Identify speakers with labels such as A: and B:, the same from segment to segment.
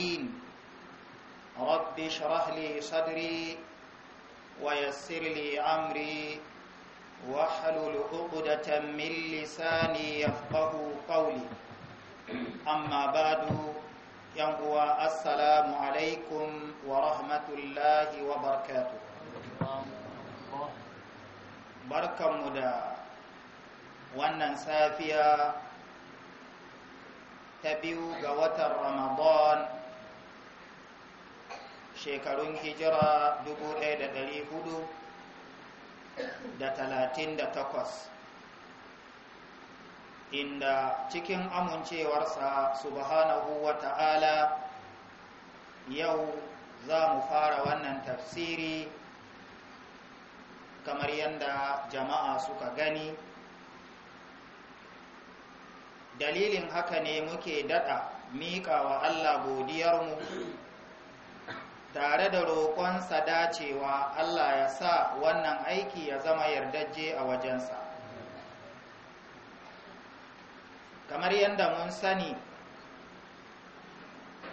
A: الرحيم رب اشرح لي صدري ويسر لي أمري واحلل عقدة من لساني يفقه قولي أما بعد ينقوى السلام عليكم ورحمة الله وبركاته بركة مدى wannan safiya ta biyu ga watan ramadan shekarun hijira 1438 inda cikin amincewarsa subhanahu wa ta'ala yau za mu fara wannan tafsiri kamar yadda jama'a suka gani dalilin haka ne muke daɗa miƙa wa Allah godiyarmu tare da roƙonsa dacewa Allah ya sa wannan aiki ya zama yardajje a wajensa kamar yadda mun sani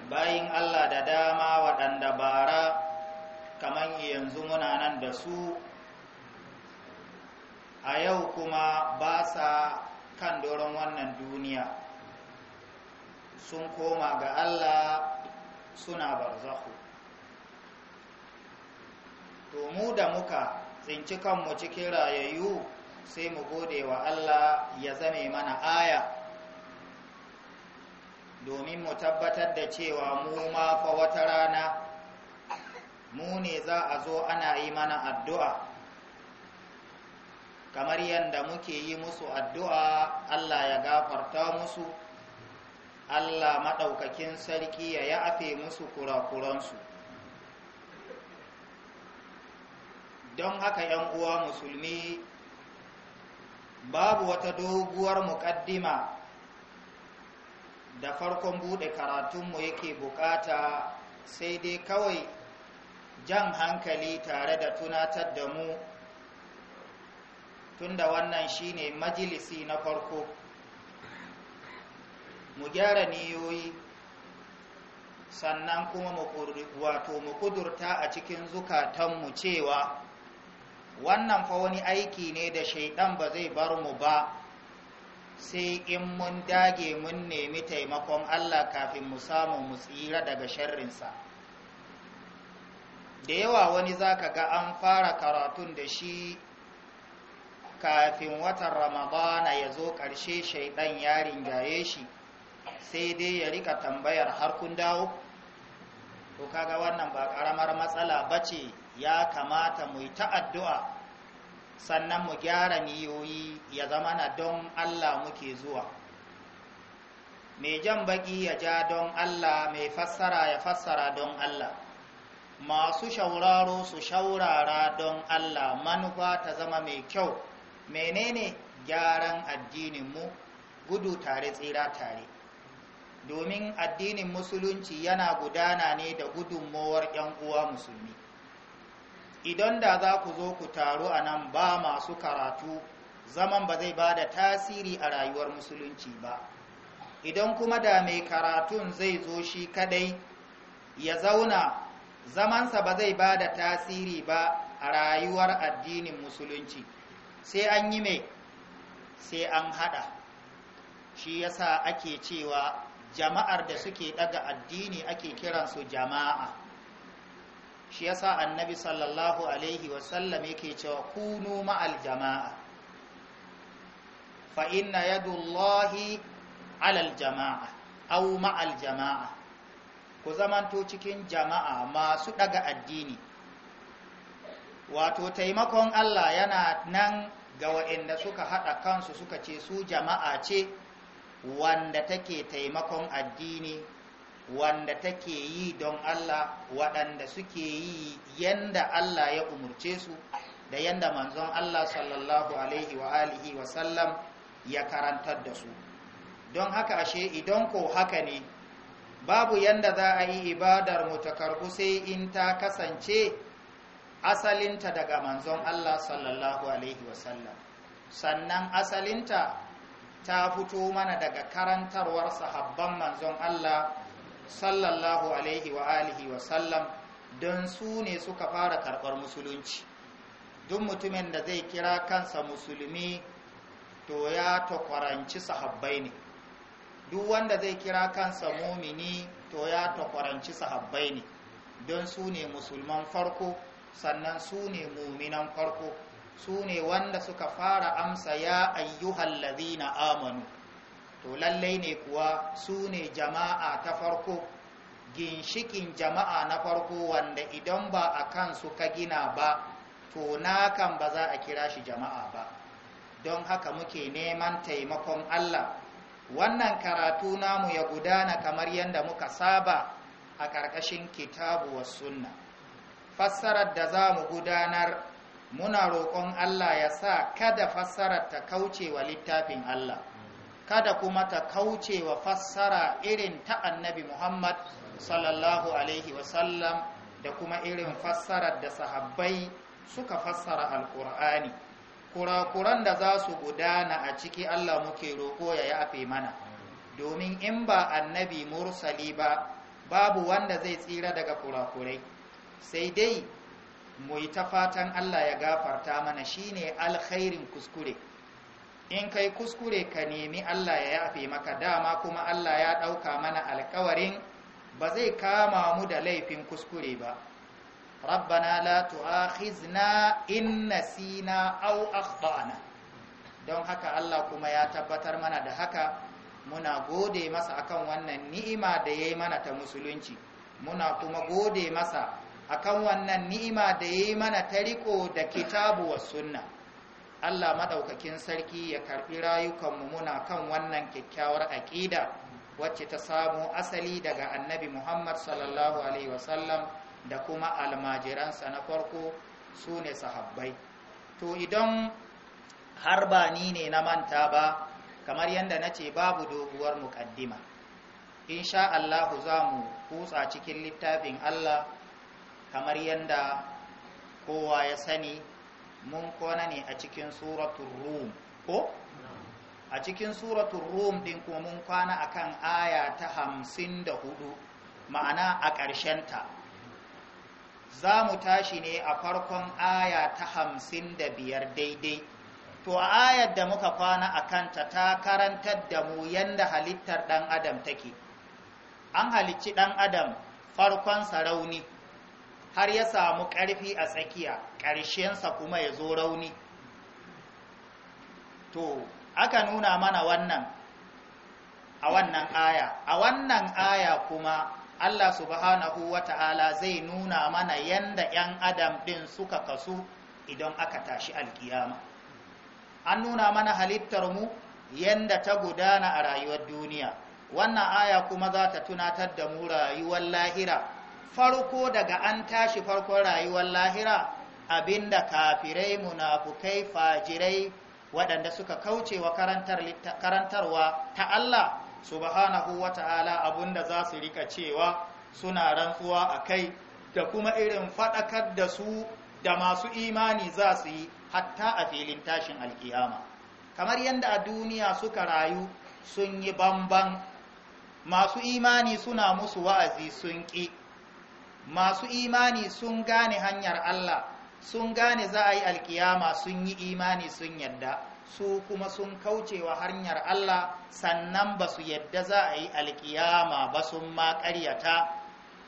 A: bayin Allah da dama waɗanda bara kamar yanzu muna nan da su a yau kuma ba sa kan doron wannan duniya sun koma ga Allah suna barzahu to mu da muka tsinci kanmu cikin rayayyu sai mu gode wa Allah ya zame mana aya domin mu tabbatar da cewa mu ma fa wata rana mu ne za a zo ana yi mana addu'a kamar yadda muke yi musu addu'a Allah ya gafarta musu Allah maɗaukakin sarki ya yafe musu kurakuransu don haka yan uwa musulmi babu wata doguwar muƙaddima da farkon buɗe karatunmu yake buƙata, sai dai kawai jan hankali tare da tunatar da mu tunda wannan shine majalisi na farko mu gyara niyoyi sannan kuma wato mu kudurta a cikin zukatanmu cewa wannan fa wani aiki ne da shaidan ba zai bar mu ba sai in mun dage mun nemi taimakon Allah kafin mu samu mu tsira daga sharrinsa da yawa wani zaka ga an fara karatun da shi kafin watan ramadana ya zo ƙarshe shaidan ya ringaye shi sai dai ya rika tambayar har kun dawo to kaga wannan ba ƙaramar matsala bace ya kamata mu yi ta'addu'a sannan mu gyara niyoyi ya zama na don Allah muke zuwa mai jan baki ya ja don Allah mai fassara ya fassara don Allah masu shauraro su shaurara don Allah manufa ta zama mai kyau menene gyaran addininmu gudu tare tsira tare domin addinin musulunci yana gudana ne da gudunmowar 'yan uwa musulmi idan da za ku zo ku taro a nan ba masu karatu zaman ba zai ba da tasiri a rayuwar musulunci ba idan kuma da mai karatun zai zo shi kadai ya zauna zamansa ba zai ba da tasiri ba a rayuwar addinin musulunci sai an yi mai sai an hada shi yasa ake cewa jama'ar da suke daga addini ake kiransu jama'a shi yasa annabi sallallahu alaihi wasallam yake cewa kunu ma'al jama'a fa inna yadullahi alal jama'a aw ma'al jama'a ku zamanto cikin jama'a masu daga addini wato taimakon Allah yana nan ga waɗanda suka haɗa kansu suka ce su jama'a ce wanda take taimakon addini wanda take yi don Allah waɗanda suke yi yanda Allah ya umurce su da yanda manzon Allah sallallahu alaihi wa alihi wa sallam ya karantar da su don haka ashe idan ko haka ne babu yanda za a yi ibadar mu ta karbu sai in ta kasance asalinta daga manzon Allah sallallahu alaihi wa sallam sannan asalinta ta fito mana daga karantarwar sahabban manzon Allah sallallahu alaihi wa alihi wa sallam don su ne suka fara karɓar musulunci duk mutumin da zai kira kansa musulmi to ya takwaranci sahabbai ne duk wanda zai kira kansa mumini to ya takwaranci sahabbai ne don su ne musulman farko sannan su ne muminan farko su ne wanda suka fara amsa ya ayyuhallazina amanu to lallai ne kuwa su ne jama'a ta farko ginshikin jama'a na farko wanda idan ba a kansu ka gina ba to nakan ba za a kira shi jama'a ba don haka muke neman taimakon Allah wannan karatu namu ya gudana kamar yadda muka saba a ƙarƙashin kitabu wa sunna fassarar da za mu gudanar muna roƙon Allah ya sa kada fassarar ta kauce wa littafin Allah kada kuma ta kauce wa fassara irin ta annabi Muhammad sallallahu alaihi wasallam da kuma irin fassarar da sahabbai suka fassara alkur'ani kurakuran da za su gudana a ciki Allah muke roko ya yafe mana domin in ba annabi mursali ba babu wanda zai tsira daga kurakurai sai dai mu yi ta fatan Allah ya gafarta mana shine alkhairin kuskure in kai kuskure ka nemi Allah ya yafe maka dama kuma Allah ya ɗauka mana alkawarin ba zai kama mu da laifin kuskure ba rabbana la tu'akhizna in nasina aw akhtana don haka Allah kuma ya tabbatar mana da haka muna gode masa akan wannan ni'ima da yayi mana ta musulunci muna kuma gode masa akan wannan ni'ima da yayi mana ta riko da kitabu was sunna Allah maɗaukakin sarki ya karɓi rayukanmu muna kan wannan kyakkyawar aƙida wacce ta samu asali daga annabi Muhammad sallallahu Alaihi wasallam da kuma almajiransa na farko su ne sahabbai. To idan har ba ni ne na manta ba, kamar yadda na ce babu doguwar muƙaddima. Insha Allahu za mu kutsa cikin littafin Allah kamar yadda kowa ya sani mun kona ne a cikin suratul rum ko a cikin suratul rum din kuma mun kwana akan aya ta hamsin da hudu ma'ana a ƙarshenta za mu tashi ne a farkon aya ta hamsin da biyar daidai to a ayar da muka kwana a kanta ta karantar da mu yadda halittar ɗan adam take an halicci ɗan adam farkon sarauni har ya samu ƙarfi a tsakiya ƙarshensa kuma ya zo rauni to aka nuna mana wannan a wannan aya a wannan aya kuma Allah subhanahu wata'ala zai nuna mana yanda ‘yan adam ɗin suka kasu idan aka tashi alkiyama an nuna mana halittar mu yanda ta gudana a rayuwar duniya wannan aya kuma za ta tunatar da mu rayuwar lahira farko daga an tashi farkon rayuwar lahira abinda kafirai munafukai fajirai waɗanda suka kauce wa karantarwa ta Allah subhanahu wa ta'ala abinda za su rika cewa suna rantsuwa a kai da kuma irin faɗakar da su da masu imani za su yi hatta a filin tashin alkiyama kamar yadda a duniya suka rayu sun yi bamban masu imani suna musu wa'azi sun ƙi masu imani sun gane hanyar Allah sun gane za a yi alkiyama sun yi imani sun yadda su kuma sun kauce wa hanyar Allah sannan ba su yadda za a yi alkiyama ba sun ma ƙaryata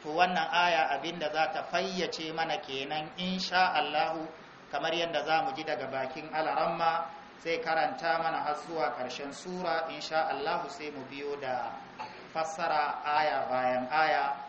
A: to wannan aya abinda za ta fayyace mana kenan insha Allahu kamar yadda za mu ji daga bakin alaramma sai karanta mana har zuwa ƙarshen sura insha Allahu sai mu biyo da fassara aya bayan aya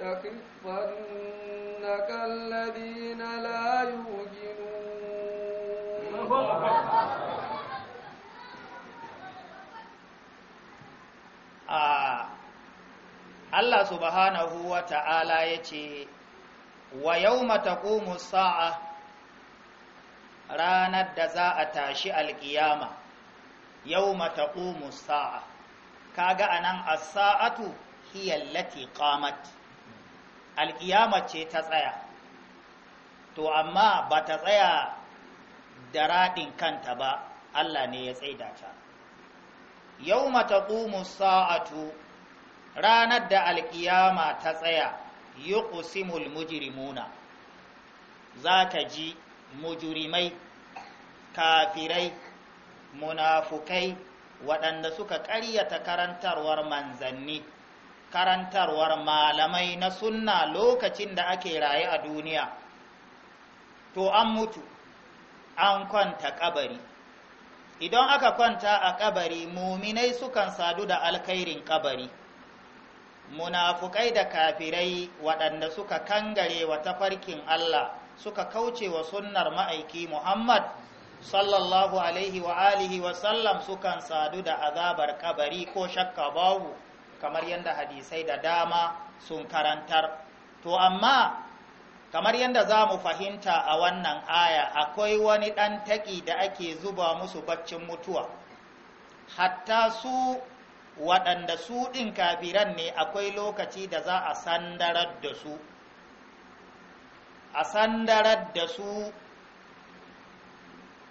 B: لنستخفنك الذين لا يوجنون
A: Allah subhanahu wa ta'ala ya ce, Wa yau mataƙumu sa'a ranar da za a tashi alƙiyama, yau mataƙumu sa'a, kaga a nan a sa'atu hiyallati ƙamati. alƙiyama ce ta tsaya to amma ba ta tsaya da raɗin kanta ba Allah ne ya tsaida ta yau mata sa'atu ranar da alƙiyama ta tsaya yi ƙusimul mujirimuna za ka ji mujirimai, kafirai munafukai waɗanda suka ƙaryata karantarwar manzanni karantarwar malamai na sunna lokacin da ake raye a duniya to an mutu an kwanta kabari idan aka kwanta a kabari muminai sukan sadu da alkhairin kabari munafukai da kafirai waɗanda suka kangare wa tafarkin Allah suka kauce wa sunnar ma'aiki Muhammad sallallahu alaihi wa alihi wa sallam sukan sadu da azabar kabari ko shakka babu kamar yadda hadisai da dama sun karantar to amma kamar yadda za mu fahimta a wannan aya akwai wani ɗan taƙi da ake zuba musu baccin mutuwa hatta su waɗanda su ɗin kafiran ne akwai lokaci da za a sandarar da su a sandarar da su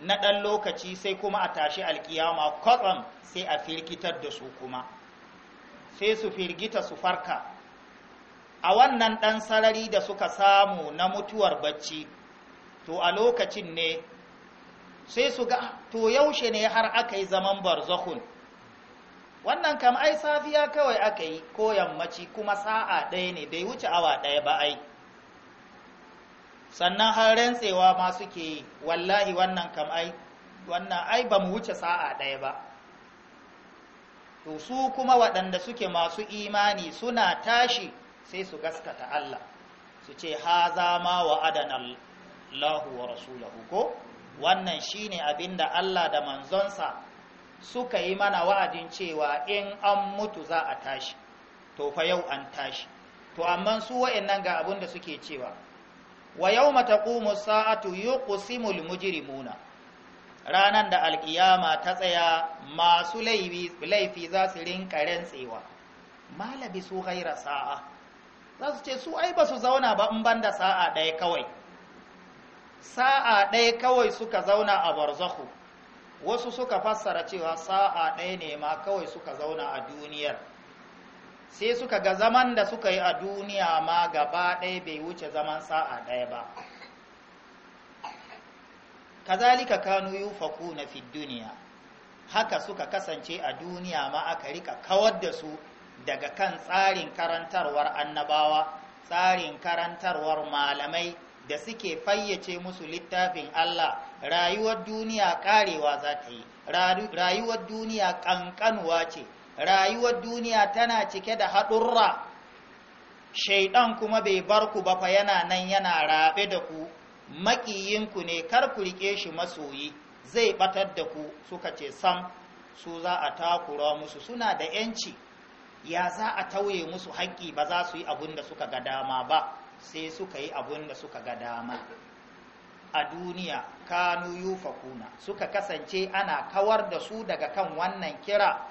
A: na ɗan lokaci sai kuma a tashi alkiyama kwatsam sai a firkitar da su kuma sai su firgita su farka a wannan ɗan sarari da suka samu na mutuwar bacci to a lokacin ne sai su ga to yaushe ne har aka yi zaman barzakun wannan kam ai safiya kawai aka yi ko yammaci kuma sa'a ɗaya ne bai wuce awa ɗaya ba ai sannan har rantsewa ma suke yi wallahi wannan kam ai wannan ai ba mu wuce sa'a ɗaya ba to su kuma waɗanda suke masu imani suna tashi sai su gaskata Allah su ce haza ma wa adana lahu wa rasulahu ko wannan shine da Allah da manzonsa suka yi mana wa'adin cewa in an mutu za a tashi to fa yau an tashi to amma su wa'annan ga abin da suke cewa wa yawma taqumu sa'atu yuqsimul muna. ranar da alkiyama ta tsaya masu laifi za su rinka rantsewa malabi su haira sa'a za su ce su ai ba su zauna ba in banda sa'a ɗaya kawai sa'a ɗaya kawai suka zauna a barzahu wasu suka fassara cewa sa'a ɗaya ne ma kawai suka zauna a duniyar sai suka ga zaman da suka yi a duniya ma gaba ɗaya bai wuce zaman sa'a ɗaya ba kazalika kanu yufakuna na duniya haka suka kasance a duniya ma aka rika kawar da su daga kan tsarin karantarwar annabawa tsarin karantarwar malamai da suke fayyace musu littafin Allah rayuwar duniya karewa za ta yi rayuwar duniya kankanuwa ce rayuwar duniya tana cike da haɗurra shaidan kuma bai bar ku ba fa yana nan yana rabe da ku maƙiyinku ne kar ku riƙe shi masoyi zai batar da ku suka ce sam su za a takura musu suna da yanci ya za a tauye musu haƙƙi ba za su yi abun da suka ga dama ba sai suka yi abun da suka ga dama a duniya kanu kuna. suka kasance ana kawar da su daga kan wannan kira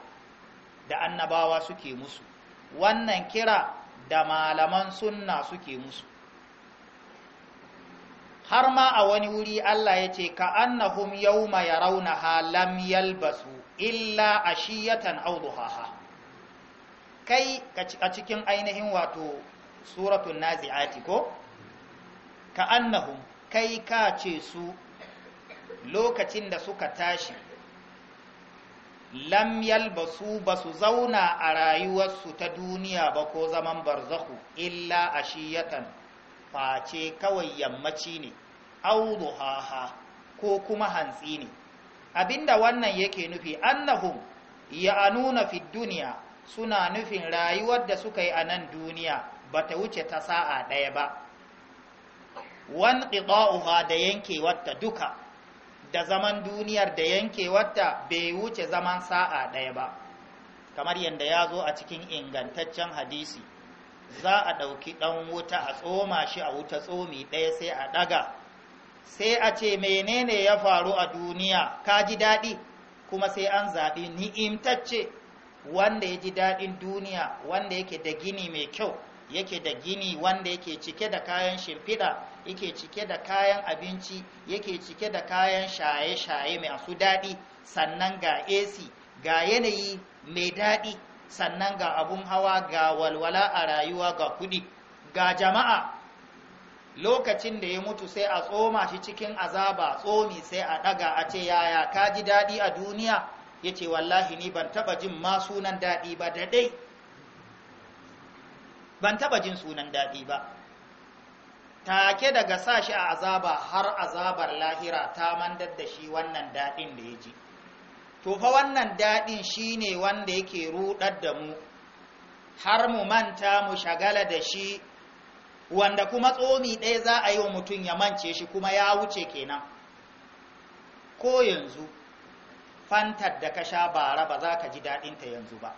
A: da annabawa suke musu wannan kira da malaman sunna suke musu har ma a wani wuri Allah ya ce ka annahum yawma yarawnaha lam yalbasu illa ashiyatan aw duhaha kai a cikin ainihin wato suratun nazi'ati ko ka annahum kai ka ce su lokacin da suka tashi lam yalbasu ba su zauna a rayuwarsu ta duniya ba ko zaman barzahu illa ashiyatan face kawai yammaci ne au haha ko kuma hantsi ne abinda wannan yake nufi annahum anuna nuna duniya suna nufin rayuwar da suka yi a nan duniya ba ta wuce ta sa'a ɗaya ba wan qida'uha da yankewarta duka da zaman duniyar da yankewarta bai wuce zaman sa'a ɗaya ba kamar yadda ya zo a cikin ingantaccen hadisi za a ɗauki ɗan wuta a tsoma shi a wuta tsomi ɗaya sai a ɗaga sai a ce menene ya faru a duniya ka ji daɗi kuma sai an zaɓi ni'imtacce wanda ya ji daɗin duniya wanda yake da gini mai kyau yake da gini wanda yake cike da kayan shimfiɗa yake cike da kayan abinci yake cike da kayan shaye-shaye mai su daɗi sannan ga ac ga yanayi mai daɗi sannan ga abun hawa ga walwala a rayuwa ga kudi ga jama'a lokacin da ya mutu sai a tsoma shi cikin azaba tsomi sai a daga a ce yaya ka ji daɗi a duniya ya ce wallahi ni ban taɓa jin ma sunan daɗi ba da ban taɓa jin sunan daɗi ba take daga sa shi a azaba har azabar lahira ta mandar da shi wannan daɗin da ya ji to fa wannan daɗin shi ne wanda yake ruɗar da mu har mu manta mu shagala da shi wanda kuma tsomi ɗaya za a yi wa mutum ya mance shi kuma ya wuce kenan ko yanzu fantar da ka sha bara ba za ka ji daɗinta yanzu ba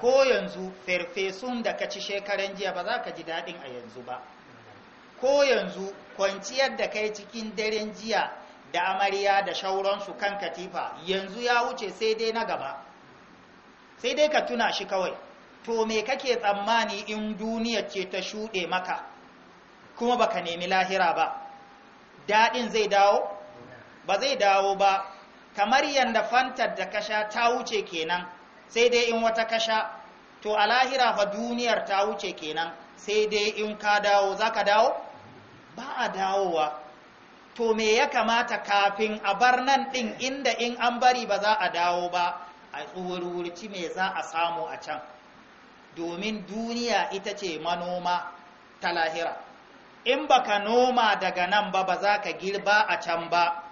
C: ko yanzu
A: farfesun da ka ci shekaran jiya ba za ka ji daɗin a yanzu ba ko yanzu kwanciyar da kai cikin daren jiya da amarya da shauransu kan katifa yanzu ya wuce sai dai na gaba sai dai ka tuna shi kawai to me kake tsammani in duniya ce ta shuɗe maka kuma baka nemi lahira ba daɗin zai dawo ba zai dawo ba kamar yadda fantar da kasha ta wuce kenan sai dai in wata kasha to a lahira fa duniyar ta wuce kenan sai dai in ka dawo za ka dawo ba a dawowa to me ya kamata kafin a bar nan ɗin inda in an bari ba za a dawo ba a tsuwurwurci me za a samu a can domin duniya ita ce manoma ta lahira in baka noma daga nan ba ba za ka girba a can ba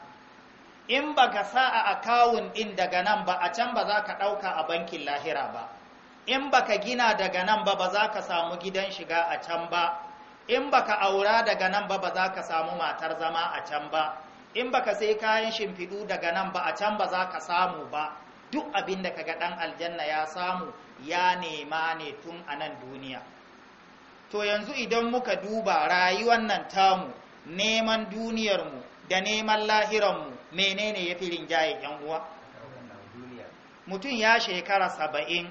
A: in baka sa a akawun ɗin daga nan ba a can ba za ka ɗauka a bankin lahira ba in baka gina daga nan ba ba za ka samu gidan shiga a can ba in baka aura daga nan ba ba za ka samu matar zama a can ba in baka sai kayan shimfiɗu daga nan ba a can ba za ka samu ba duk abin da kaga ɗan aljanna ya samu ya nema ne tun a nan duniya to yanzu idan muka duba rayuwar nan tamu neman duniyarmu da neman lahiranmu menene ya fi rinjaye yan uwa mutum ya shekara saba'in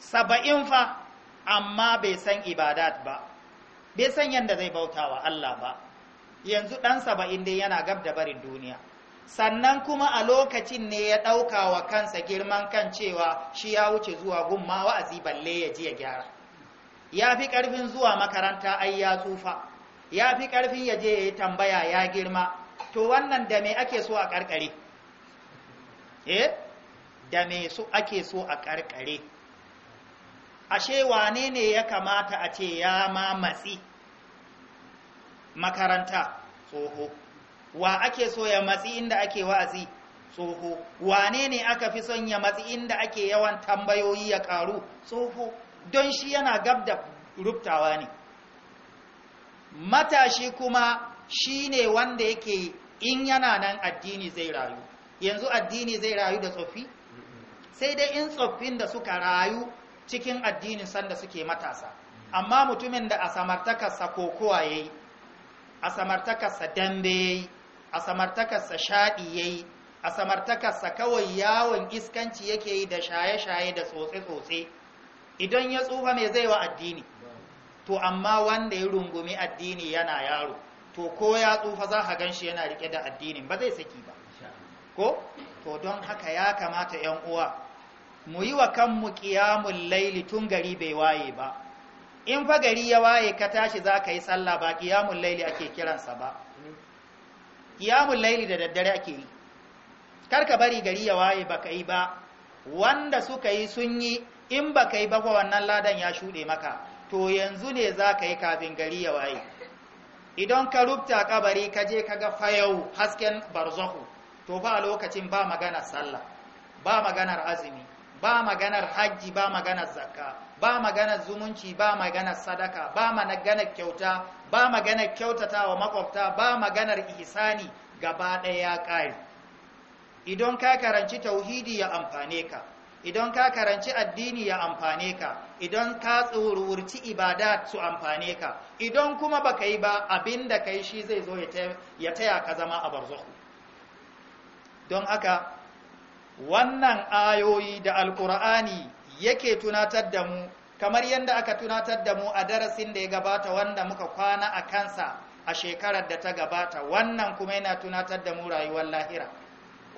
A: saba'in fa amma bai san ibadat ba bai san yadda zai bauta wa Allah ba yanzu ɗan saba'in dai yana gab da barin duniya sannan kuma a lokacin ne ya ɗauka wa kansa girman kan cewa shi ya wuce zuwa gumma wa'azi balle ya ji ya gyara ya fi ƙarfin zuwa makaranta ai ya tsufa ya fi ƙarfin ya je ya yi tambaya ya girma to wannan da me ake so a ƙarƙare eh da me so ake so a ƙarƙare ashe wane ne ya kamata a ce ya ma matsi makaranta tsoho wa ake so ya matsi inda ake wa'azi tsoho wane ne aka fi son ya matsi inda ake yawan tambayoyi ya karu tsoho don shi yana gab da rubtawa ne matashi kuma shi ne wanda yake in yana nan addini zai rayu yanzu addini zai rayu da tsofi sai dai in tsoffin da suka rayu cikin addinin sanda suke matasa amma mutumin da a samartakarsa kokowa ya yi a dambe ya yi a samartakarsa shaɗi ya yi a samartakarsa kawai yawon iskanci yake yi da shaye-shaye da tsotse-tsotse idan ya tsufa mai zai wa addini to amma wanda ya rungumi addini yana yaro to ko ya tsufa za ka gan shi yana riƙe da addinin ba zai saki ba ko to don haka ya kamata 'yan uwa mu yi wa kanmu ƙiyamun laili tun gari bai waye ba in fa gari ya waye ka tashi za ka yi sallah ba ƙiyamun laili ake kiransa ba ƙiyamun laili da daddare ake yi karka bari gari ya waye ba ka yi ba wanda suka yi sun yi in ba ka yi ba wannan ladan ya shuɗe maka to yanzu ne za ka yi kafin gari ya waye idan ka rubta kabari ka je ka ga fayau hasken barzahu to ba lokacin ba maganar sallah ba maganar azumi ba maganar hajji ba maganar zakka ba maganar zumunci ba maganar sadaka ba maganar kyauta ba maganar kyautata wa makwabta ba maganar ihsani gaba ɗaya ya idan ka karanci tauhidi ya amfane ka idan ka karanci addini ya amfane ka idan ka tsururci ibada su amfane ka idan kuma baka yi ba abinda kai shi zai zo ya taya ka zama a barzahu don haka wannan ayoyi da alkur'ani yake tunatar da mu kamar yadda aka tunatar da mu a darasin da ya gabata wanda muka kwana a kansa a shekarar da ta gabata wannan kuma yana tunatar da mu rayuwar lahira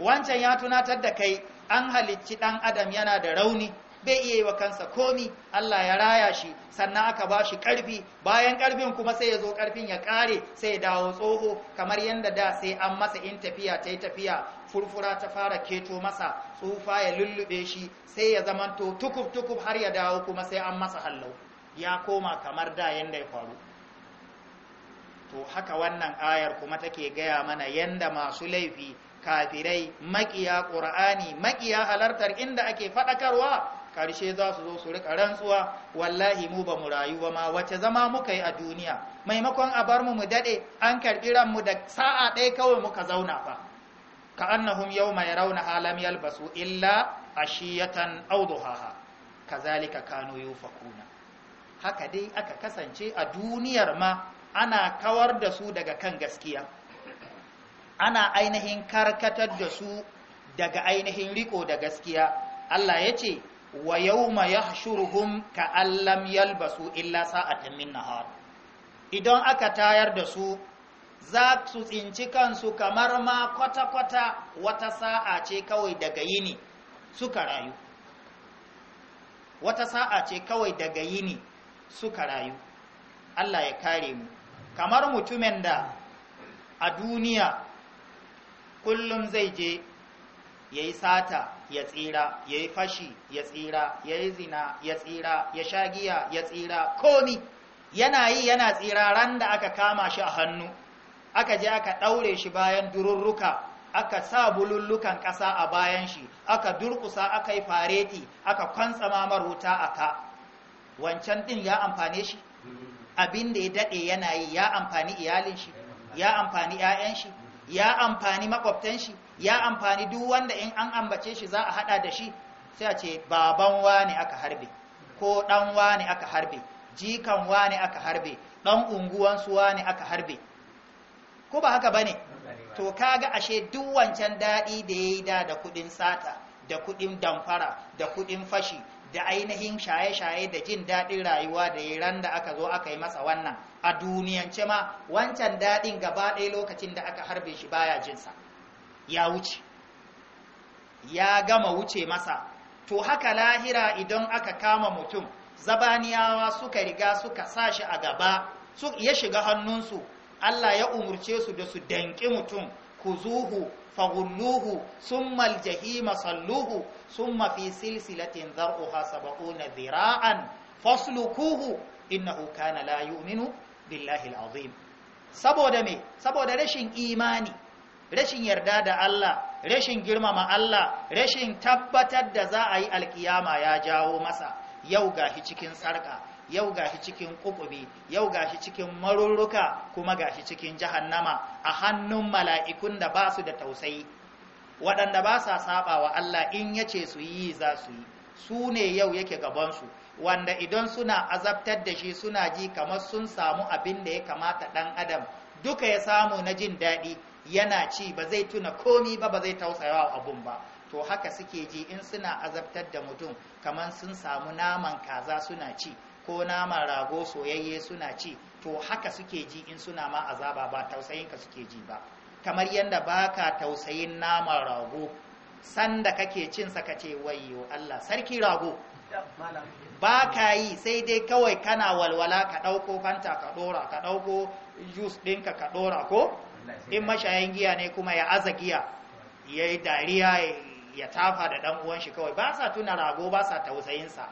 A: wancan ya tunatar da kai an halicci ɗan adam yana da rauni bai iya yi wa kansa komi Allah ya raya shi sannan aka ba shi ƙarfi bayan ƙarfin kuma sai ya zo ƙarfin ya ƙare sai ya dawo tsoho kamar yadda da sai an masa in tafiya ta yi tafiya furfura ta fara keto masa tsufa ya lullube shi sai ya zamanto tukub tukub har ya dawo kuma sai an masa hallau ya koma kamar da yanda ya faru to haka wannan ayar kuma take gaya mana yanda masu laifi kafirai makiya qur'ani makiya halartar inda ake faɗakarwa, karshe za su zo su rika rantsuwa wallahi mu ba mu rayu ba ma wace zama muka yi a duniya maimakon a bar mu mu dade an karɓi ran mu da sa'a ɗaya kawai muka zauna ba. كأنهم يوم يرونها لم يلبسوا إلا عشية أو ضحاها كذلك كانوا يوفقون haka dai aka kasance a duniyar ma ana kawar da su daga kan gaskiya ana ainihin karkatar da su daga ainihin riko da gaskiya Allah ya ce wa yawma yahshuruhum ka allam yalbasu illa sa'atan min nahar idan aka tayar da su za su tsinci kansu kamar ma kwata-kwata wata sa'a ce kawai daga yini suka rayu wata sa'a ce kawai daga yini suka rayu Allah ya kare mu kamar mutumin da a duniya kullum zai je ya yi sata ya tsira ya yi fashi ya tsira ya yi zina ya tsira ya shagiya ya tsira komi yana yi yana tsira ran da aka kama shi a hannu aka je aka ɗaure shi bayan dururruka aka sa bulullukan ƙasa a bayan shi aka durkusa aka yi fareti aka kwantsa mamar wuta a ka wancan ɗin ya amfane shi abin da ya daɗe yana yi ya amfani iyalin shi ya amfani 'ya'yan shi ya amfani makwabtan shi ya amfani duk wanda in an ambace shi za a haɗa da shi sai a ce baban wa ne aka harbe ko ɗan ne aka harbe jikan wa ne aka harbe ɗan unguwansu wa ne aka harbe ko ba haka bane to kaga ashe duk wancan daɗi da yayi da da kuɗin sata da kuɗin damfara da kuɗin fashi da ainihin shaye-shaye da jin daɗin rayuwa da yi ran da aka zo aka yi masa wannan a duniyance ma wancan daɗin gaba ɗaya lokacin da aka harbe shi baya jinsa ya wuce ya gama wuce masa to haka lahira idan aka kama mutum zabaniyawa suka riga suka sa shi a gaba ya shiga hannunsu Allah ya umurce su da su danki mutum kuzuhu faghulluhu sun maljahi masalluhu, sun mafi silsilatin dhar'uha na dhira'an faslukuhu innahu kana la yu'minu billahi alazim saboda me saboda rashin imani rashin yarda da Allah rashin girmama Allah rashin tabbatar da za a yi alkiyama ya jawo masa yau shi cikin sarka yau gashi cikin ƙuƙubi yau gashi cikin marurruka kuma gashi cikin jahannama a hannun mala'ikun da ba su da tausayi waɗanda ba sa saba wa Allah in yace su yi za su yi su ne yau yake gabansu wanda idan suna azabtar da shi suna ji kamar sun samu abin da ya kamata ɗan adam duka ya samu na jin daɗi yana ci ba zai tuna komi ba ba zai tausayawa abun ba to haka suke ji in suna azabtar da mutum kamar sun samu naman kaza suna ci ko naman rago soyayye suna ci to haka suke ji in suna ma azaba ba tausayin ka suke ji ba kamar yadda baka tausayin nama rago sanda kake cin sa kace wayyo Allah sarki rago ba yi sai dai kawai kana walwala ka ɗauko fanta ka ɗora ka ɗauko jus ɗinka ka ɗora ko in mashayin giya ne kuma ya aza giya ya yi dariya ya tafa da dan uwan shi kawai ba sa tuna rago ba sa tausayinsa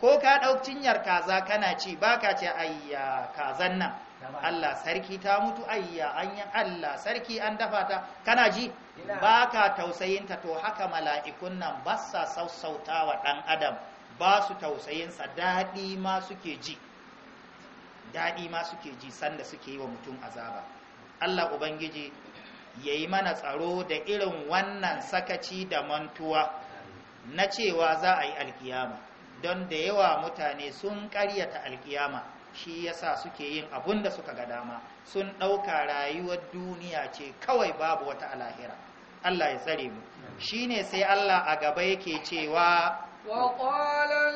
A: ko ka ɗauk cinyar kaza kana ci ba ka ce ayya kazan nan Allah sarki ta mutu ayya an yi Allah sarki an dafa ta kana ji ba ka tausayinta to haka mala'ikun nan ba sa sassauta wa ɗan adam ba su tausayinsa daɗi ma suke ji daɗi ma suke ji sanda suke yi wa mutum azaba Allah Ubangiji ya yi mana tsaro da irin wannan sakaci da mantuwa na cewa za a yi alkiyama don da yawa mutane sun ƙaryata alkiyama shi yasa suke yin abun da suka ga dama sun ɗauka rayuwar duniya ce kawai babu wata alahira Allah ya tsare mu Shi ne sai Allah a gaba yake cewa
B: wa qala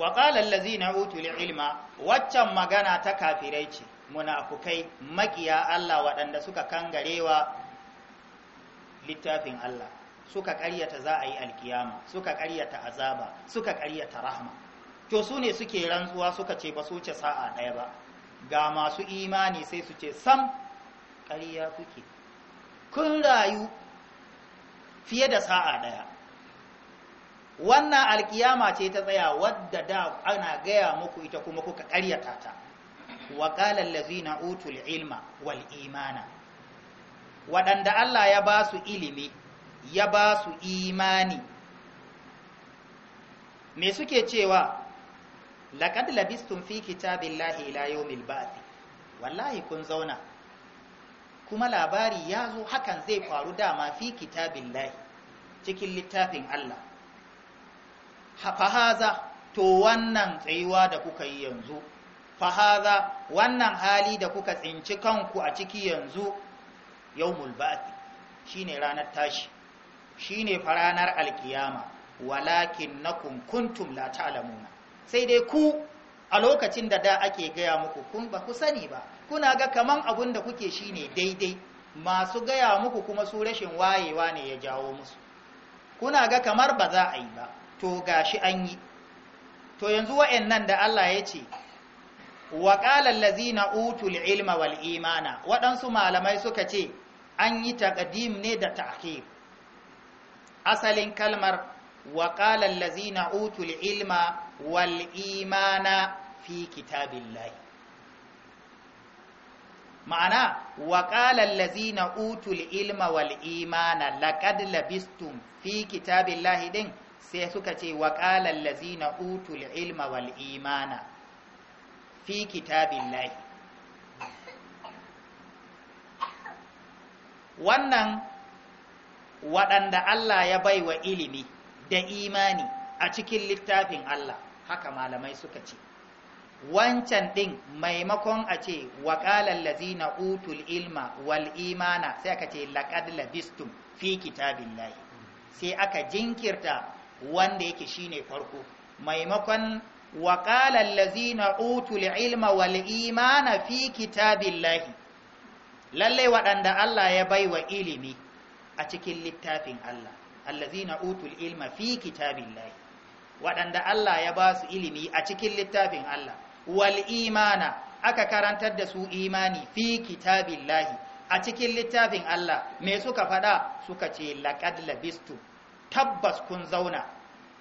B: wa lazi na utul ilma
A: waccan magana ta kafirai ce munafukai makiya Allah waɗanda suka kangarewa littafin Allah suka ƙaryata za a yi alkiyama suka ƙaryata azaba suka ƙaryata rahma to su ne suke rantsuwa suka ce ba su ce sa'a ɗaya ba ga masu imani sai su ce sam ƙarya kuke kun rayu fiye da sa'a ɗaya wannan alkiyama ce ta tsaya wadda da ana gaya muku ita kuma kuka karyata ta wa qala allazina utul ilma wal imana waɗanda Allah ya ba su ilimi ya ba su imani me suke cewa laqad labistum fi kitabillahi ila yawmil ba'th wallahi kun zauna kuma labari ya zo hakan zai faru dama fi kitabillahi cikin littafin Allah fahaza to wannan tsayuwa da kuka yi yanzu fahaza wannan hali da kuka tsinci kanku a ciki yanzu yawmul ba'thi shine ranar tashi shine faranar alkiyama walakin nakum kuntum la ta'lamuna sai dai ku a lokacin da da ake gaya muku kun ba ku sani ba kuna ga kaman abun da kuke shine daidai masu gaya muku kuma su rashin wayewa ne ya jawo musu kuna ga kamar ba za a yi ba to gashi an yi to yanzu wa'annan da Allah ya ce wa qala allazina utul ilma wal imana waɗansu malamai suka ce an yi taqdim ne da ta'khir asalin kalmar wa qala allazina utul ilma wal imana fi kitabillahi ma'ana wa qala allazina utul ilma wal imana laqad labistum fi kitabillahi din sai suka ce wa ƙalar lazina utul ilma wal imana fi kitabin wannan waɗanda Allah ya bai wa ilimi da imani a cikin littafin Allah haka malamai suka ce wancan ɗin maimakon a ce waƙalar lazina utul ilma wal imana sai aka ce laƙad labistum fi kitabin sai aka jinkirta wanda yake shine farko maimakon wa qala allazina utul ilma wal imana fi kitabillahi lalle waɗanda Allah ya baiwa ilimi a cikin littafin Allah allazina utul ilma fi kitabillahi waɗanda Allah ya ba su ilimi a cikin littafin Allah wal imana aka karantar da su imani fi kitabillahi a cikin littafin Allah me suka faɗa suka ce laqad labistu tabbas kun zauna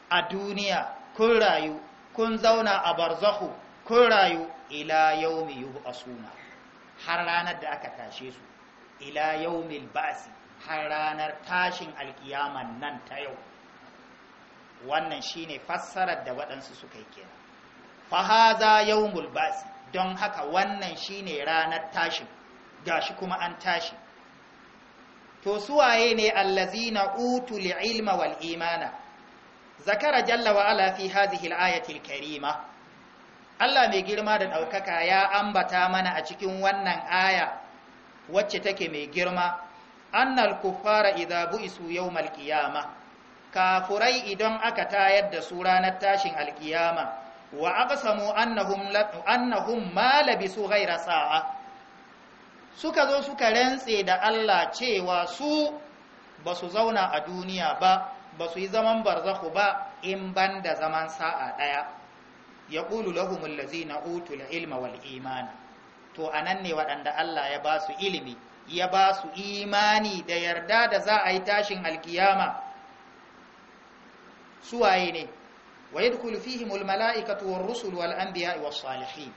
A: a duniya kun rayu kun zauna a barzahu kun rayu ila yaumi yub'asuna har ranar da aka tashe su ila yaumil ba'si har ranar tashin alkiyama nan ta yau wannan shine fassarar da waɗansu suka yi kenan fahaza yaumul ba'si don haka wannan shine ranar tashin gashi kuma an tashi to suwaye ne allazina utul ilma wal imana zakara jalla wa ala fi hadhihi al karima Allah mai girma da daukaka ya ambata mana a cikin wannan aya wacce take mai girma annal kuffara idza bu'isu yawmal qiyamah kafurai idan aka tayar da su ranar tashin alkiyama wa aqsamu annahum annahum ma labisu ghayra sa'a suka zo suka rantse da Allah cewa su ba su zauna a duniya ba ba su yi zaman barzahu ba in ban da zaman sa'a ɗaya ya ƙulu lahumul lazina utul ilma wal imani to anan ne waɗanda Allah ya ba su ilimi ya ba su imani da yarda da za a yi tashin alkiyama suwaye ne wa yadkhulu fihimul mala'ikatu war rusul wal biya was salihin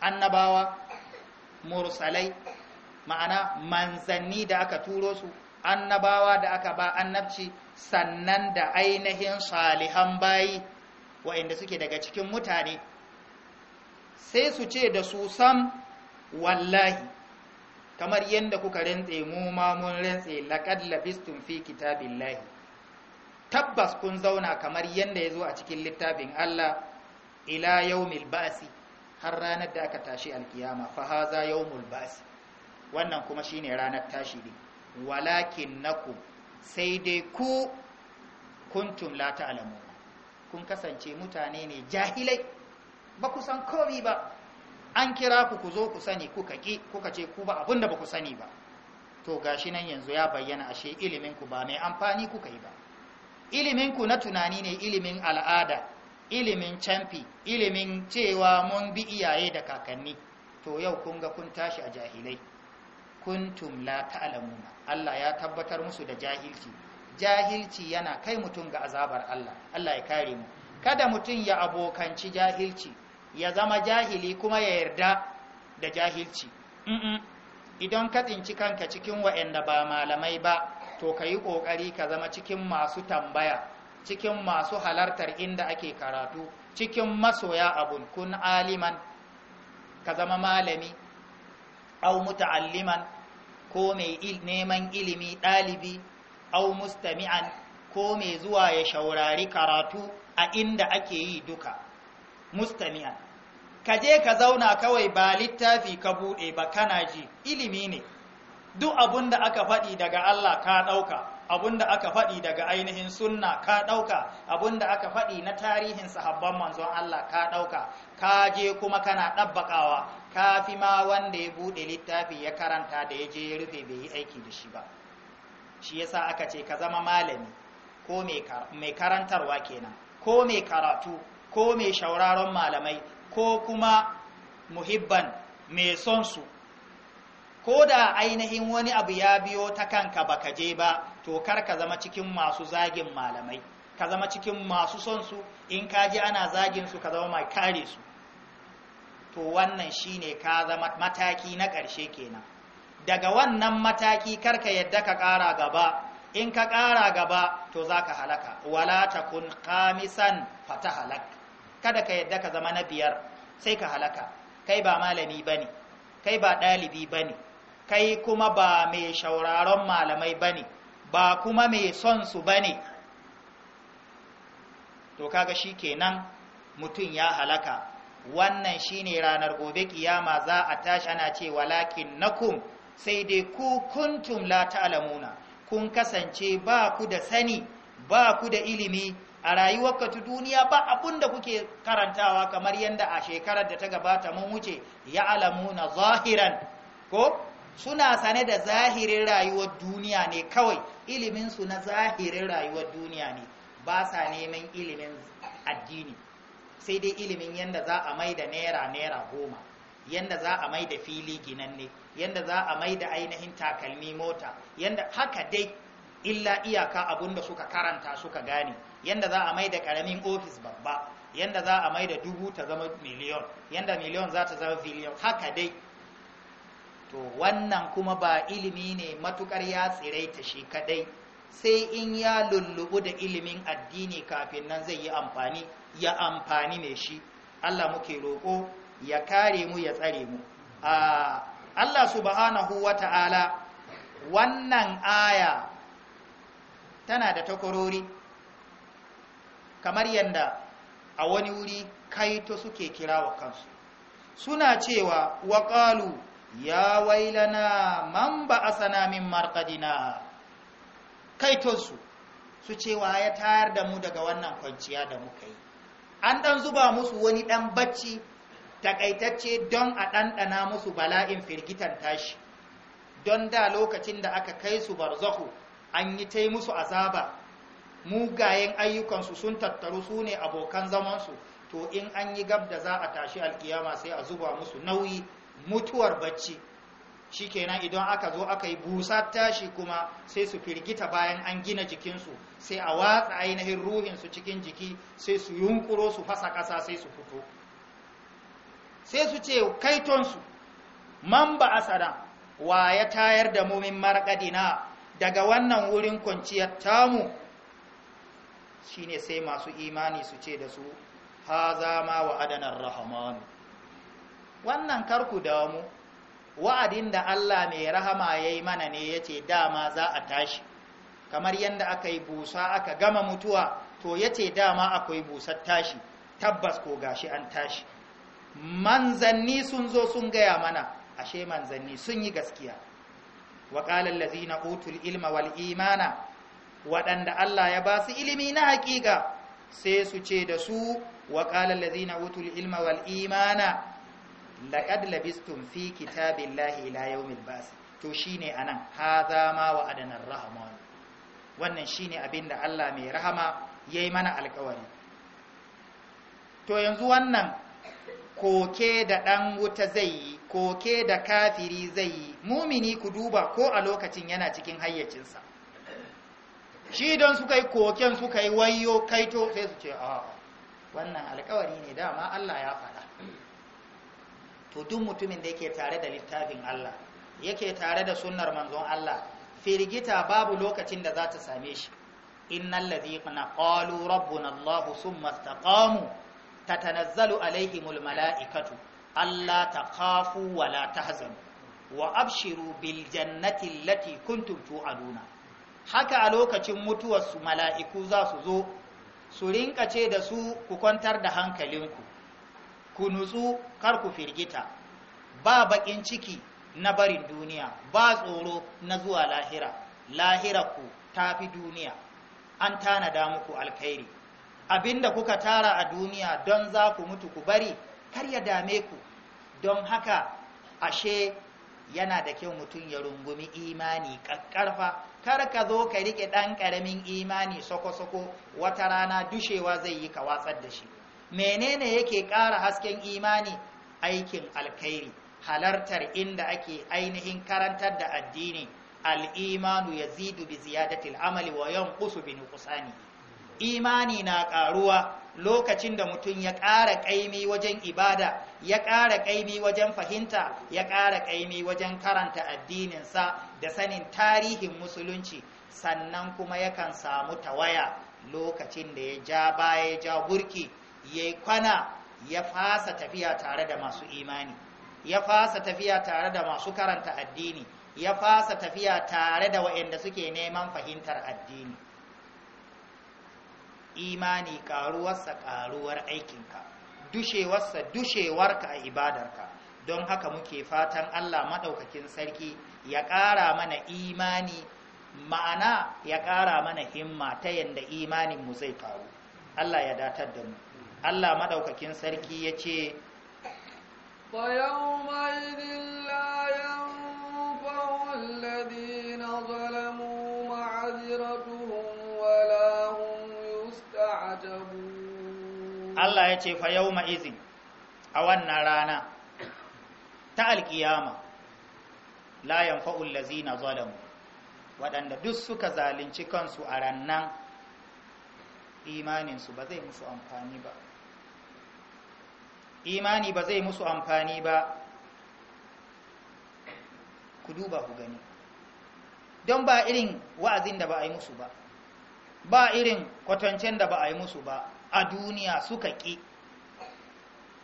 A: annabawa mursalai ma'ana manzanni da aka turo su annabawa da aka ba annabci sannan da ainihin salihan bayi wa'inda suke daga cikin mutane sai su ce da su san wallahi kamar yadda kuka rantse mu ma mun rantse laqad labistum fi kitabillahi tabbas kun zauna kamar yadda yazo a cikin littafin Allah ila yaumil ba'si har ranar da aka tashi alkiyama fa haza yawmul ba's wannan kuma shine ranar tashi ne walakin naku sai dai ku kuntum la ta'lamu kun kasance mutane ne jahilai ba ku san komai ba an kira ku ku zo ku sani kuka kake kuka ce ku ba abinda ba ku sani ba to gashi nan yanzu ya bayyana ashe ilimin ku ba mai amfani kuka yi ba ilimin ku na tunani ne ilimin al'ada ilimin canfi ilimin cewa mun bi iyaye da kakanni to yau kun ga kun tashi a jahilai Kun tumla ta alamuna. Allah ya tabbatar musu da jahilci jahilci yana kai mutum ga azabar Allah Allah ya kare mu kada mutum ya abokanci jahilci ya zama jahili kuma ya yarda da jahilci idan ka tsinci kanka cikin wa'anda ba malamai ba to ka yi ƙoƙari ka zama cikin masu tambaya cikin masu halartar inda ake karatu cikin masoya abun kun aliman ka zama malami au muta'alliman ko mai neman ilimi ɗalibi au mustami'an ko mai zuwa ya shaurari karatu a inda ake yi duka mustami'an ka je ka zauna kawai ba littafi ka buɗe ba kana ji ilimi ne duk abun da aka faɗi daga Allah ka ɗauka abinda aka faɗi daga ainihin sunna ka ɗauka abinda aka faɗi na tarihin sahabban manzon Allah ka ɗauka ka je kuma kana ɗabbakawa ka fi ma wanda ya buɗe littafi ya karanta da ya je ya rufe bai yi aiki da shi ba shi yasa aka ce ka zama malami ko mai karantarwa kenan ko mai karatu ko mai shauraron malamai ko kuma muhibban mai son su ko da ainihin wani abu ya biyo ta kanka ba ka je ba to kar ka zama cikin masu zagin malamai ka zama cikin masu son su in ka ji ana zagin su ka zama mai kare su to wannan shine ka zama mataki na ƙarshe kenan daga wannan mataki kar ka yadda ka ƙara gaba in ka ƙara gaba to za ka halaka wala ta kun kamisan fata halak kada ka yadda ka zama na biyar sai ka halaka kai ba malami bane kai ba ɗalibi bane kai kuma ba mai shauraron malamai ba ne ba kuma mai son su ba ne to kaga shi kenan mutum ya halaka wannan shine ranar gobe kiyama za a tashi ana ce walakin nakum sai dai ku kuntum la ta'lamuna kun kasance ba ku da sani ba ku da ilimi a rayuwar ta duniya ba abun da kuke karantawa kamar yadda a shekarar da ta gabata mun wuce ya alamuna zahiran ko suna sane da zahirin rayuwar duniya ne kawai iliminsu na zahirin rayuwar duniya ne ba sa neman ilimin addini sai dai ilimin yadda za a mai da naira naira goma yadda za a mai da fili ginanne yadda za a mai da ainihin takalmi mota yadda haka dai illa iyaka abinda suka karanta suka gane yadda za a mai da karamin ofis babba yadda za a mai da dubu ta zama miliyon yadda miliyon za ta zama biliyon haka dai to wannan kuma ba ilimi ne matukar ya tsiraita shi kadai sai in ya lullubu da ilimin addini kafin nan zai yi amfani ya amfani ne shi Allah muke roƙo ya kare mu ya tsare mu Allah subhanahu wata'ala wannan aya tana da takwarori kamar yadda a wani wuri kaito suke kira wa kansu suna cewa waƙalu ya wailana man Asana min marqadina kaitonsu su cewa ya tayar da mu daga wannan kwanciya da muka yi an ɗan zuba musu wani ɗan bacci takaitacce don a ɗanɗana musu bala'in firgitan tashi don da lokacin da aka kai su barzahu an yi ta musu azaba mugayen ayyukansu sun tattaru su ne abokan zamansu to in an yi gab da za a tashi alkiyama sai a zuba musu nauyi mutuwar bacci shi shikenan idan aka zo aka yi busar tashi kuma sai su firgita bayan an gina jikinsu sai a watsa ainihin ruhinsu cikin jiki sai su yunkuro su fasa ƙasa sai su fito sai su ce kaitonsu man ba tsada wa ya tayar da mumin marƙadina daga wannan wurin kwanciyar tamu shine sai masu imani su ce da su ha zama wa adanar rahamanu wannan karku da mu wa'adin da Allah mai rahama ya yi mana ne yace dama za a tashi kamar yadda aka yi busa aka gama mutuwa to yace dama akwai busar tashi tabbas ko gashi an tashi manzanni sun zo sun gaya mana ashe manzanni sun yi gaskiya wa lazina utul ilma wal imana waɗanda Allah ya ba su ilimi na haƙiƙa sai su ce da su wa lazina utul ilma wal imana laqad labistum fi kitabillahi ila yawmil ba's to shine anan hadha ma wa'adana ar-rahman wannan shine abinda Allah mai rahama yayi mana alƙawari to yanzu wannan koke da dan wuta zai yi koke da kafiri zai yi mumini ku duba ko a lokacin yana cikin hayyacinsa shi don suka yi koken suka yi wayo kaito sai su ce a wannan alƙawari ne dama Allah ya faɗa to duk mutumin da yake tare da littafin Allah yake tare da sunnar manzon Allah firgita babu lokacin da za ta same shi innal ladhina qalu rabbuna Allah summa istaqamu tatanazzalu alaihimul mala'ikatu allah takhafu wa la tahzanu wa abshiru bil jannati allati kuntum tu'aduna haka a lokacin mutuwar su mala'iku za su zo su rinka ce da su ku kwantar da hankalinku ku nutsu kar ku firgita ba bakin ciki na barin duniya ba tsoro na zuwa lahira lahira ku ta fi duniya an tanada muku alkhairi abinda kuka tara a duniya don za ku mutu ku bari kar ya dame ku don haka ashe yana da kyau mutum ya rungumi imani ƙaƙƙarfa kar ka zo ka riƙe ɗan ƙaramin imani soko-soko wata rana dushewa zai yi ka watsar da shi menene yake ƙara hasken imani aikin alkhairi halartar inda ake ainihin karantar da addini al'imanu ya zidu bi ziyadatil amali wa yanqusu bi nuqsani imani na ƙaruwa lokacin da mutum ya ƙara ƙaimi wajen ibada ya ƙara ƙaimi wajen fahimta ya ƙara ƙaimi wajen karanta addininsa da sanin tarihin musulunci sannan kuma yakan samu tawaya lokacin da ya ja baya ya ja burki ya kwana ya fasa tafiya tare da masu imani ya fasa tafiya tare da masu karanta addini ya fasa tafiya tare da waɗanda suke neman fahimtar addini imani karuwarsa karuwar aikinka dushewarsa dushewarka a ibadarka don haka muke fatan Allah maɗaukakin sarki ya ƙara mana imani ma'ana ya ƙara mana himma ta yadda imaninmu zai karu Allah ya datar da mu Allah madaukakin sarki ya ce
B: Bayan ma'idin layan fahon ladi na walahun
A: Allah ya ce fayau ma'izin a wannan rana ta alƙiyama layan fa’ul lazi na zalamu waɗanda duk suka zalunci kansu a ranan imaninsu ba zai musu amfani ba imani ba zai musu amfani ba ku duba ku gani don ba irin wa'azin da ba a yi musu ba ba irin kwatancen da ba a yi musu ba a duniya suka ƙi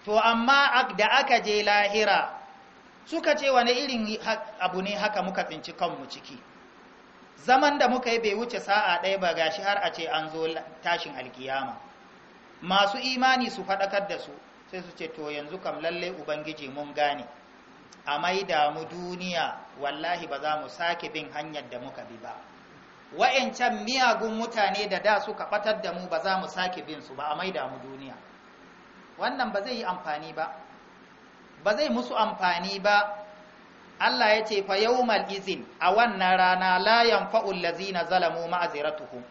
A: to amma da aka je lahira suka ce wani irin abu ne haka muka tsinci kanmu ciki zaman da muka yi bai wuce sa'a ɗaya ba gashi har a ce an zo tashin alkiyama masu imani su faɗakar da su sai su ce to yanzu kam lallai ubangiji mun gane a mai mu duniya wallahi ba za mu sake bin hanyar da muka bi ba wa'yancan miyagun mutane da da suka batar da mu ba za mu sake bin su ba a mai mu duniya wannan ba zai yi amfani ba ba zai musu amfani ba Allah ya ce fa yawmal izin a wannan rana layan yanfa'ul lazina zalamu ma'aziratuhum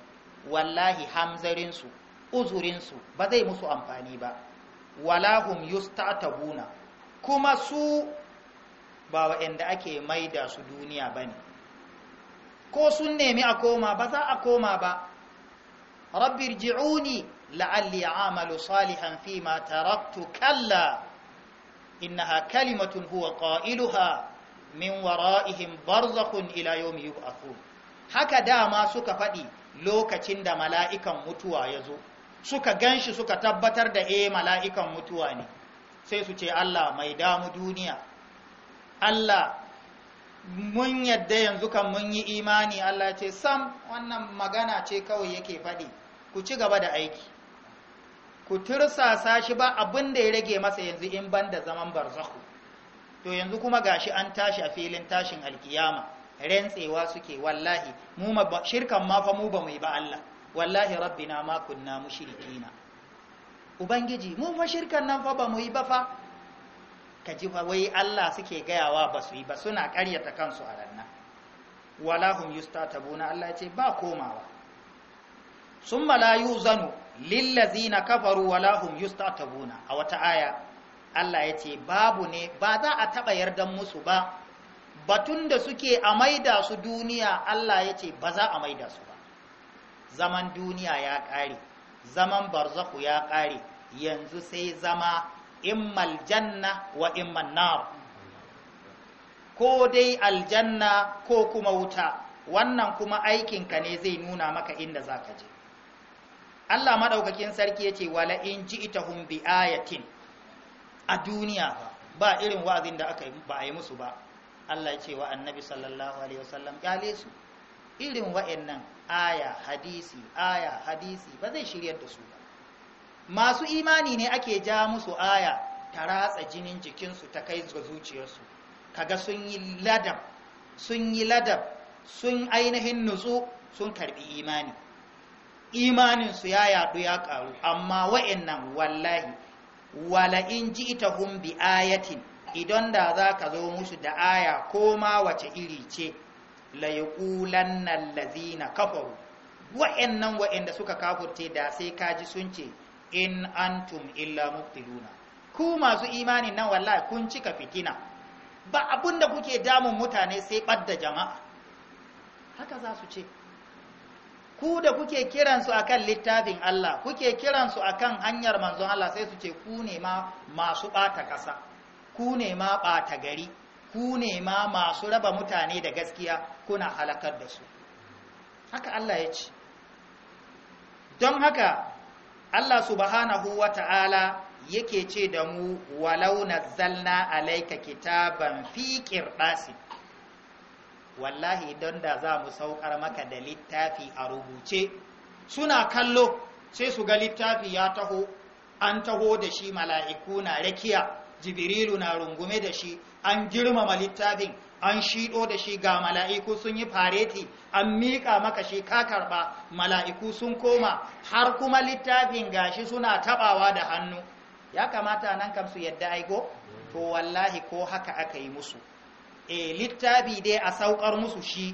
A: wallahi hamzarin su uzurin su ba zai musu amfani ba walahum yustatabuna kuma su ba waɗanda ake maida su duniya bane ko sun nemi a koma ba za a koma ba rabbi ji'uni la'alli a'malu salihan fi ma taraktu kalla innaha kalimatun huwa ƙailuha min wara'ihim barzakhun ila yawmi yub'athun haka dama suka faɗi lokacin da mala'ikan mutuwa ya zo suka gan shi suka tabbatar da e mala'ikan mutuwa ne sai su ce Allah mai damu duniya Allah mun yadda yanzu kan mun yi imani Allah ce sam wannan magana ce kawai yake faɗi ku ci gaba da aiki ku tursasa shi ba abin da ya rage masa yanzu in ban da zaman barzahu to yanzu kuma gashi an tashi a filin tashin alkiyama rentsewa suke wallahi mu shirkan ma fa mu ba mu yi ba Allah wallahi rabbina ma kunna mushrikina ubangiji mu shirkan nan fa ba mu yi ba fa kaji fa wai Allah suke gayawa ba su yi ba suna ƙaryata kansu a ranna wala hum yustatabuna Allah ya ce ba komawa summa la yuzanu lillazina kafaru wala hum yustatabuna a wata aya Allah ya ce babu ne ba za a taba yardan musu ba batun da suke a maida su duniya Allah ya ce ba za a maida su ba zaman duniya ya ƙare zaman barzaku ya ƙare yanzu sai zama immal janna wa imman nar ko dai aljanna ko kuma wuta wannan kuma aikinka ne zai nuna maka inda za ka je Allah maɗaukakin sarki ya ce wala in ji ita hun bi ayatin a duniya ba irin wa'azin da aka ba a yi musu ba Allah ya ce wa annabi sallallahu alaihi wasallam kyale su irin wa'annan aya hadisi aya hadisi ba zai shiryar da su ba masu imani ne ake ja musu aya ta ratsa jinin jikinsu ta kai ga zuciyarsu kaga sun yi ladab sun yi ladab sun ainihin nutsu sun karbi imani imaninsu ya yadu ya karu amma wa'annan wallahi wala in ji'tahum bi ayatin idan da za ka zo musu da aya ko ma wace iri ce la yaqulanna allazina kafaru wa'annan wa'anda suka kafurce da sai kaji sun ce in antum illa muftiluna ku masu imani nan wallahi kun cika fitina ba abinda kuke damun mutane sai ɓadda jama'a haka za su ce ku da kuke kiransu akan littafin Allah kuke kiransu akan hanyar manzon Allah sai su ce ku ne ma masu ɓata ƙasa ku ne ma ɓata gari ku ne ma masu raba mutane da gaskiya kuna halakar da su haka Allah ya ce don haka Allah subhanahu wa ta'ala yake ce da mu walau nazzalna alaika kitaban fi qirdasin wallahi don da za mu saukar maka da littafi a rubuce suna kallo sai su ga littafi ya taho an taho da shi mala'iku na rakiya jibrilu na rungume da shi an girmama littafin an shido da shi ga mala'iku sun yi fareti an miƙa maka shi ka karɓa mala'iku sun koma har kuma littafin gashi suna taɓawa da hannu ya kamata nan kam su yadda aiko to wallahi ko haka aka yi musu e littafi dai a saukar musu shi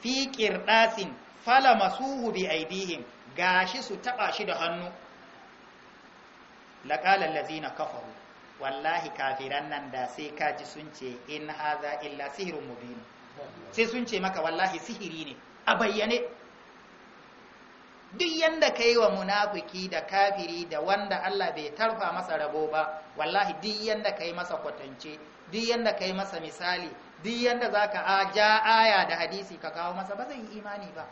A: fi kirdasin fala masuhu bi aidihim gashi su taɓa shi da hannu laqala lazina kafaru wallahi kafiran nan da sai kaji sun ce in haza illa sihirun mubin sai sun ce maka wallahi sihiri ne a bayyane duk yanda kai wa munafiki da kafiri da wanda Allah bai tarfa masa rabo ba wallahi duk yanda kai masa kwatance duk yanda kai masa misali duk yanda za ka ja aya da hadisi ka kawo masa ba zai yi imani ba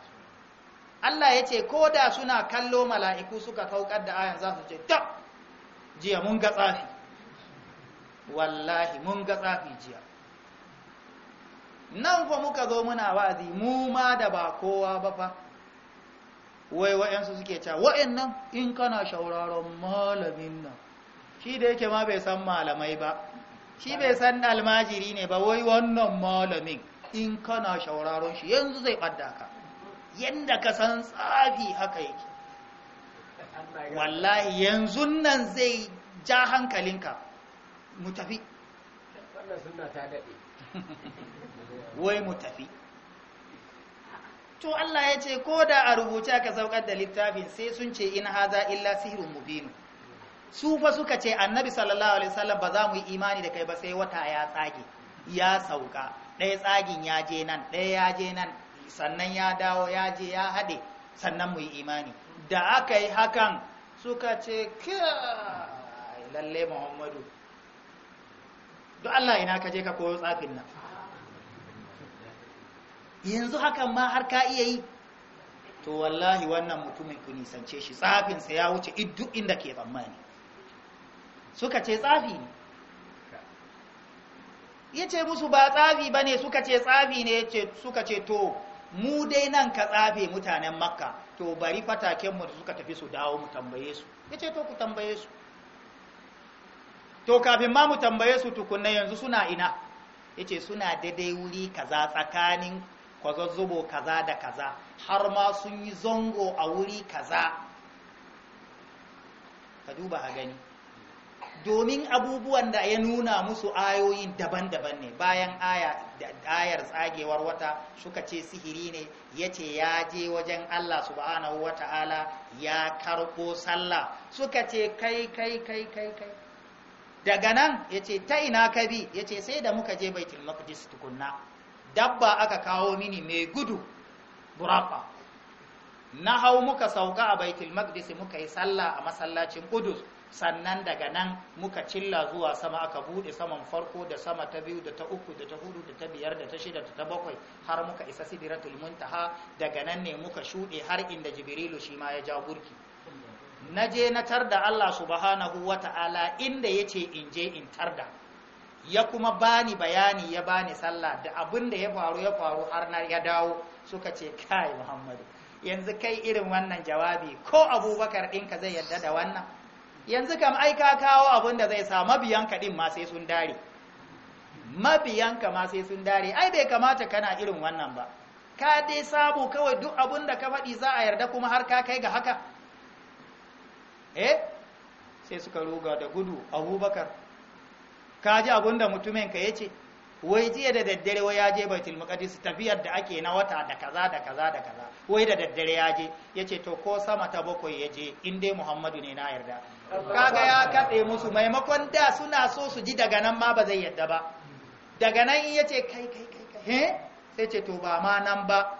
A: Allah ya ce ko da suna kallo mala'iku suka kaukar da ayan za su ce ta, jiya mun ga tsafi wallahi mun ga tsafi jiya nan fa muka zo muna wa'azi mu ma da ba kowa ba fa wai wa'yansu suke ca nan, in kana shauraron malamin nan shi da yake ma bai san malamai ba shi bai san almajiri ne ba wai wannan malamin in kana shauraron shi yanzu zai ɓadda ka yadda ka san tsafi haka yake wallahi yanzu nan zai ja hankalinka mu tafi wai mu to Allah ya ce ko da a rubuce aka saukar da littafin sai sun ce in haza illa sihirun mubinu su fa suka ce annabi sallallahu alaihi wasallam ba za mu yi imani da kai ba sai wata ya tsage ya sauka ɗaya tsagin ya je nan ɗaya ya je nan sannan ya dawo ya je ya haɗe sannan mu yi imani da aka yi hakan suka ce lalle muhammadu duk Allah ina ka je ka koyo tsafin nan yanzu hakan ma har ka iya yi to wallahi wannan mutumin ku nisance shi tsafinsa ya wuce duk inda ke tsammani suka ce tsafi ne ya ce musu ba tsafi bane ne suka ce tsafi ne suka ce to mu dai nan ka tsafe mutanen makka to bari fatakenmu da suka tafi su dawo mu tambaye su ya ce to ku tambaye su to kafin ma mu tambaye su tukunna yanzu suna ina yace suna daidai wuri kaza tsakanin kwazazzubo kaza da kaza har ma sun yi zango a wuri kaza ka duba ha gani domin abubuwan da ya nuna musu ayoyi daban-daban ne bayan ayar tsagewar wata suka ce sihiri ne ya ce ya je wajen Allah subhanahu wata'ala ya karɓo sallah suka ce kai kai kai kai kai daga nan ya ce ta ina ka bi ya ce sai da muka je baitul maqdis tukunna dabba aka kawo mini mai gudu buraka na hau muka sauka a baitul maqdis muka yi sallah a masallacin qudus sannan daga nan muka cilla zuwa sama aka bude saman farko da sama ta biyu da ta uku da ta hudu da ta biyar da ta shida da ta bakwai har muka isa sidratul muntaha daga nan ne muka shuɗe har inda jibrilu shi ma ya ja burki na je na tarda Allah subhanahu wata'ala inda ya ce in je in tarda ya kuma bani bayani ya bani sallah da abin da ya faru ya faru har na ya dawo suka ce kai muhammadu yanzu kai irin wannan jawabi ko abubakar ɗinka zai yarda da wannan yanzu kam ai ka kawo abin da zai sa mabiyanka ɗin ma sai sun dare mabiyanka ma sai sun dare ai bai kamata kana irin wannan ba ka dai sabo kawai duk abin da ka faɗi za a yarda kuma har ka kai ga haka eh sai suka ruga da gudu abubakar ka ji abinda mutumin ka yace wai jiya da daddare wai ya je baitul maqdis tafiyar da ake na wata da kaza da kaza da kaza wai da daddare ya je yace to ko sama ta bakwai ya je in dai muhammadu ne na yarda kaga ya kade musu maimakon da suna so su ji daga nan ma ba zai yarda ba daga nan yace kai kai kai kai eh? sai ce to ba ma nan ba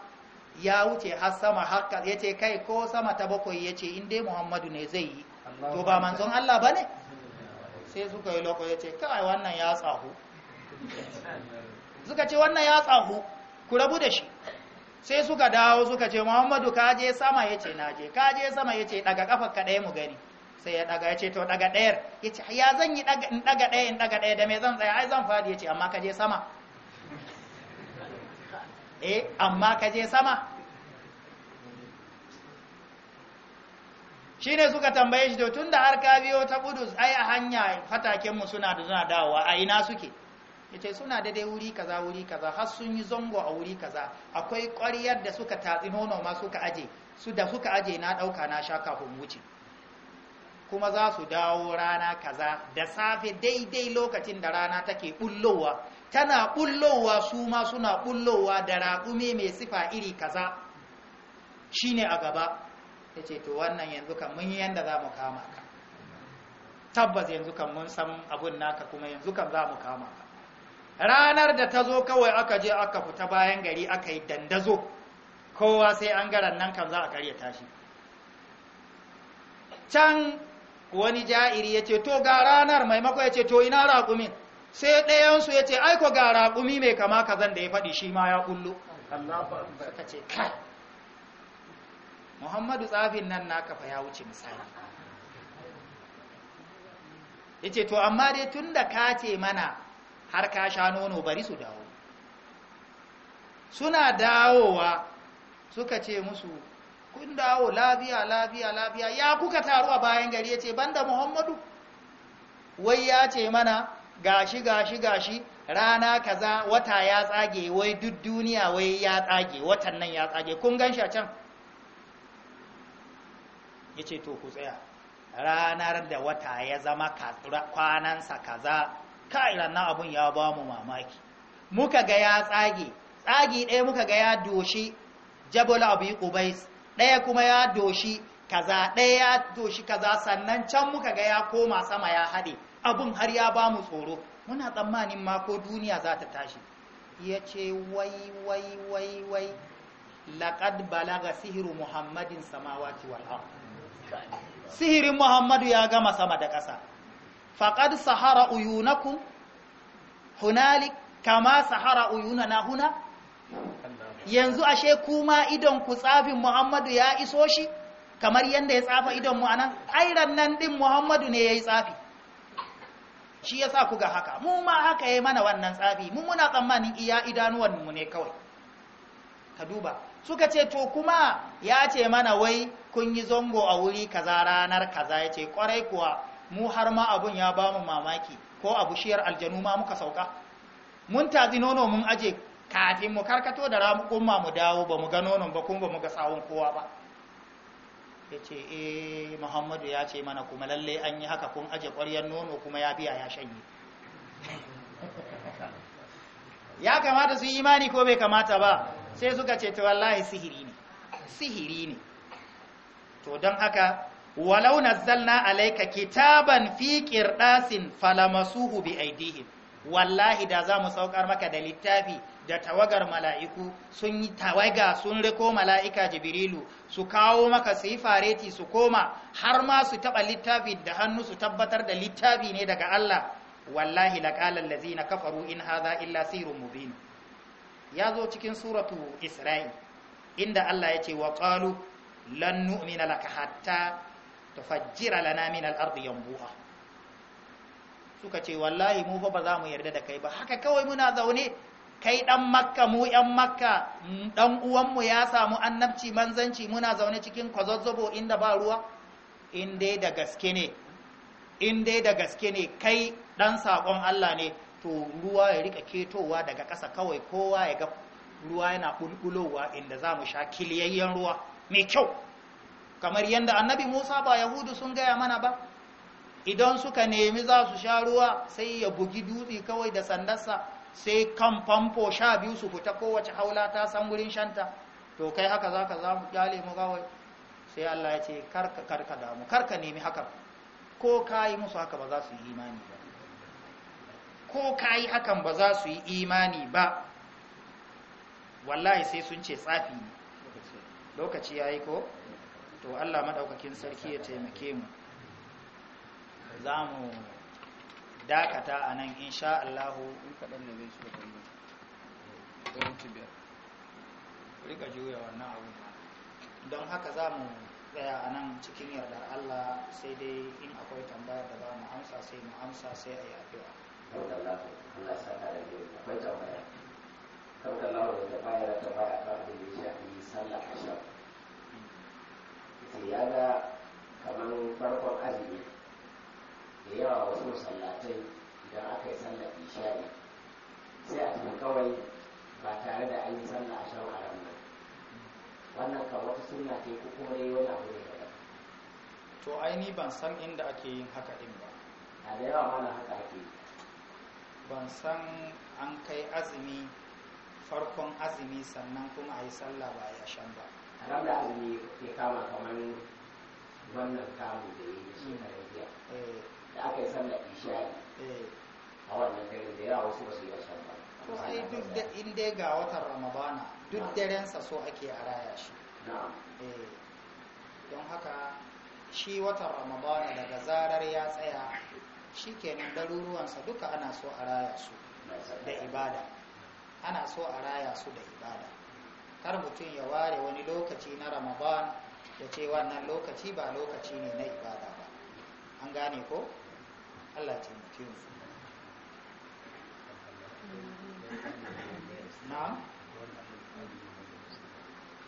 A: ya wuce har sama haka ya ce kai ko sama ta bakwai ya ce inda muhammadu ne zai yi to ba manzon Allah ba ne sai suka yi loko ya ce kai wannan ya tsahu suka ce wannan ya tsahu ku rabu da shi sai suka dawo suka ce muhammadu ka je sama ya ce naje ka je sama ya ce daga kafar ka ɗaya mu gani sai ya daga ya ce to daga ɗayar ya ce ya zan yi in daga ɗaya in daga ɗaya da mai zan tsaya ai zan fadi ya ce amma ka je sama eh amma ka je sama Shi ne suka tambaye shi to da har ka biyo ta Kudus ai a hanya fatakenmu suna da suna dawowa a ina suke Ya ce suna da dai wuri kaza wuri kaza har sun yi zango a wuri kaza akwai ƙwariyar da suka tatsi nono ma suka aje su da suka aje na ɗauka na sha kafin wuce kuma za su dawo rana kaza da safe daidai lokacin da rana take bullowa tana bullowa su ma suna bullowa da raƙumi mai sifa iri kaza shine a gaba ya ce to wannan yanzu kan mun yi yadda za mu kama ka tabbas yanzu kan mun san abin naka kuma yanzu kan za mu kama ka ranar da ta zo kawai aka je aka fita bayan gari aka yi dandazo kowa sai an garan nan kan za a karya tashi can wani ja'iri ya ce to ga ranar maimako ya ce to ina raƙumin sai ɗayansu ya ce aiko ga raƙumi mai kama kazan da ya faɗi shi ma ya ƙullu muhammadu tsafin nan na kafa ya wuce misali ya ce to amma dai tun da ka ce mana har ka sha nono bari su dawo suna dawowa suka ce musu kun dawo lafiya lafiya lafiya ya kuka taru a bayan gari ya ce banda muhammadu wai ya ce mana gashi gashi gashi rana kaza wata ya tsage wai duk duniya wai ya tsage watan nan ya tsage kun gan shi a can ya ce to ku tsaya ranar da wata ya zama kwanansa kaza ka'ilan na abun ya ba mu mamaki muka ga ya tsage tsagi ɗaya muka ga ya doshi jabal abu qubais ɗaya kuma ya doshi kaza ɗaya ya doshi kaza sannan can muka ga ya koma sama ya haɗe abun har ya ba mu tsoro muna tsammanin mako duniya za ta tashi ya ce wai wai wai wai laƙad balaga sihiru muhammadin samawati wal sihirin muhammadu ya gama sama da ƙasa faƙad sahara uyunakum hunalik kama sahara na huna yanzu ashe kuma idon ku tsafin muhammadu ya iso shi kamar yadda ya tsafa idon mu anan airan nan ɗin muhammadu ne ya yi tsafi shi ya sa ku ga haka mu ma haka yi mana wannan tsafi mu muna tsammanin iya idanuwan mu ne kawai ka duba suka ce to kuma ya ce mana wai kun yi zongo a wuri kaza ranar kaza ya ce kwarai kuwa mu har ma abun ya ba mu mamaki ko a bushiyar aljanu ma muka sauka mun tazi nono mun aje kafin mu karkato da ramukun ma mu dawo ba mu ga nonon ba kuma ba mu ga sawun kowa ba ya ce e muhammadu ya ce mana kuma lalle an yi haka kun aje ƙwaryar nono kuma ya biya ya shanye ya kamata su imani ko bai kamata ba sai suka ce ta wallahi sihiri ne sihiri ne to don haka walau nazzalna alaika kitaban fi qirdasin falamasuhu bi aidihim wallahi da za mu saukar maka da littafi da tawagar mala'iku sun yi tawaga sun riko mala'ika jibrilu su kawo maka su fareti su koma har ma su taɓa littafi da hannu su tabbatar da littafi ne daga Allah wallahi laƙalar lazi na kafaru in haza illa sirrin mubin ya zo cikin suratu isra'i inda Allah ya ce wa ƙalu lan nu'mina laka hatta tufajjira lana min al-ardi yanbu'a suka ce wallahi mu fa ba za mu yarda da kai ba haka kawai muna zaune kai ɗan makka mu yan makka mm, ɗan uwanmu ya samu annabci manzanci muna zaune cikin kwazazzobo inda ba ruwa in da gaske ne inda da gaske ne kai ɗan saƙon Allah ne to ruwa ya rika ketowa daga ƙasa kawai kowa ya ga ruwa yana bulbulowa inda za mu sha kiliyayyen ruwa mai kyau kamar yadda annabi musa ba yahudu sun gaya mana ba idan suka nemi za su sha ruwa sai ya bugi dutse kawai da sandarsa sai kan famfo sha biyu su fita kowace haula ta san wurin shanta to kai haka za ka za mu kyale mu gawai sai Allah ya ce karka karka damu karka nemi haka ko kayi musu haka ba za su yi imani ba ko kayi hakan ba za su yi imani ba wallahi sai sun ce tsafi ne lokaci yi ko to Allah madaukakin sarki ya taimake mu za mu dakata a nan insha Allah in kaɗan da zai suka tambar da mutu biyar rika juya wannan abu don haka za mu tsaya a nan cikin yardar Allah sai dai in akwai tambaya da ba mu amsa sai mu amsa sai a yi afiwa kawai da da sallah
C: ya ga kamar farkon azumi da yawa wasu musallatai idan aka yi sallar isha'i sai a tafi kawai ba tare da an yi sallah a shan haram ba wannan kan wata suna
A: ce ko kuma dai wani abu ne daban to aini ban san inda ake yin haka din ba a da yawa mana haka ake ban san an kai azumi farkon azumi sannan kuma a yi sallah ba ya shan ba haram da azumi ya kama kamar wannan kamu da ya yi shi na rabiya eh,
C: da aka yi sallar isha'i eh. a wannan dare da yawa wasu basu yi wasu ba ko sai duk
A: da in dai ga watan ramadana duk darensa so ake a raya shi eh. don haka shi watan ramadana daga zarar ya tsaya shi kenan daruruwansa duka ana so a raya su da ibada ana so a raya su da ibada kar mutum ya ware wani lokaci na ramadan ya ce wannan lokaci ba lokaci ne na ibada ba an gane ko Allah ya mu na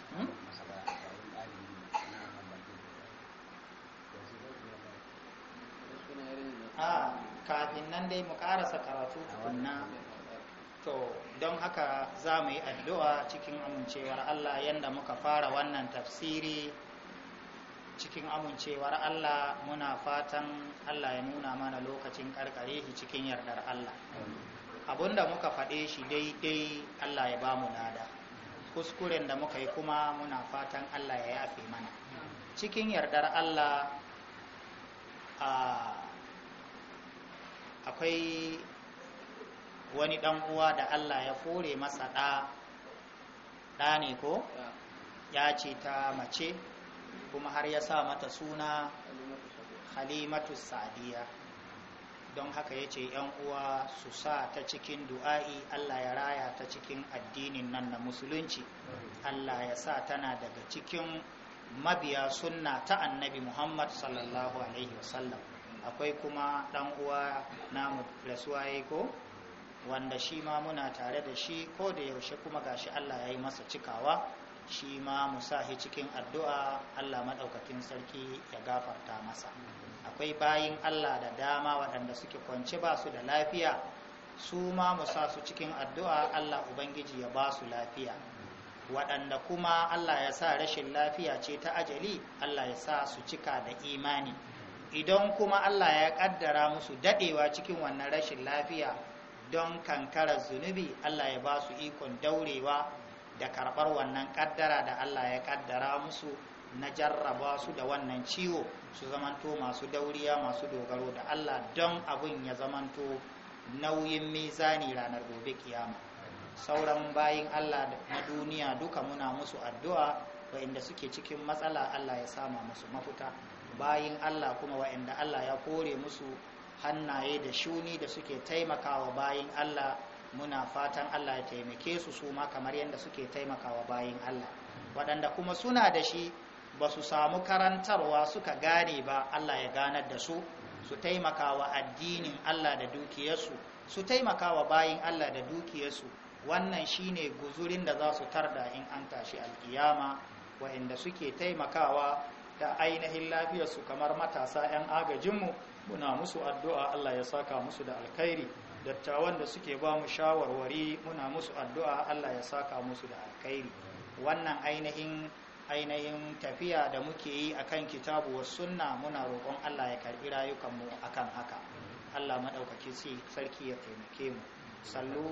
A: hmm? ah, kafin nan dai mu karasa karatu tukunna to don haka za mu yi addu'a cikin amincewar Allah yadda muka fara wannan tafsiri cikin amincewar Allah muna fatan Allah ya nuna mana lokacin karkare shi cikin yardar Allah abinda muka faɗe shi daidai Allah ya ba mu nada kuskuren da muka yi kuma muna fatan Allah ya yafe mana cikin yardar Allah akwai wani ɗan uwa da Allah ya fure masa ɗa ɗa ne ko ya ce ta mace kuma har ya sa mata suna halimatu sadiya don haka ya ce uwa su sa ta cikin du'a'i allah ya raya ta cikin addinin nan na musulunci allah ya sa tana daga cikin mabiya sunna ta annabi muhammad sallallahu alaihi wasallam akwai kuma ɗan uwa namu rasuwa ya ko wanda shi ma muna tare da shi ko da yaushe kuma gashi allah ya yi masa cikawa shi ma mu shi cikin addu'a Allah maɗaukakin sarki ya gafarta masa akwai bayin Allah da dama waɗanda suke kwance ba su da lafiya su ma musa su cikin addu'a Allah Ubangiji ya ba su lafiya waɗanda kuma Allah ya sa rashin lafiya ce ta ajali Allah ya sa su cika da imani idan kuma Allah ya ƙaddara musu daɗewa cikin wannan rashin lafiya don kankarar zunubi Allah ya ba su ikon daurewa da karɓar wannan ƙaddara da Allah ya ƙaddara musu na jarraba su da wannan ciwo su zamanto masu dauriya masu dogaro da Allah don abin ya zamanto nauyin mizani ranar gobe kiyama sauran bayin Allah na duniya duka muna musu addu'a wa'inda suke cikin matsala Allah ya sama musu mafuta bayin Allah kuma wa'inda Allah ya kore musu hannaye da shuni da suke taimakawa bayin Allah muna fatan Allah ya taimake su su ma kamar yadda suke taimakawa bayin Allah waɗanda kuma suna da shi ba su samu karantarwa suka gane ba Allah ya ganar da su su taimakawa addinin Allah da dukiyarsu su taimakawa bayin Allah da dukiyarsu wannan shi ne guzurin da za su tarda in an tashi alkiyama wa'inda suke taimakawa da ainihin lafiyarsu kamar matasa 'yan agajinmu muna musu addu'a Allah ya saka musu da alkhairi dattawan da suke ba mu shawarwari muna musu addu'a Allah ya saka musu da alkhairi wannan ainihin ainihin tafiya da muke yi akan kitabu wa sunna muna roƙon Allah ya karbi rayukanmu akan haka Allah maɗaukaki sarki ya taimake mu sallu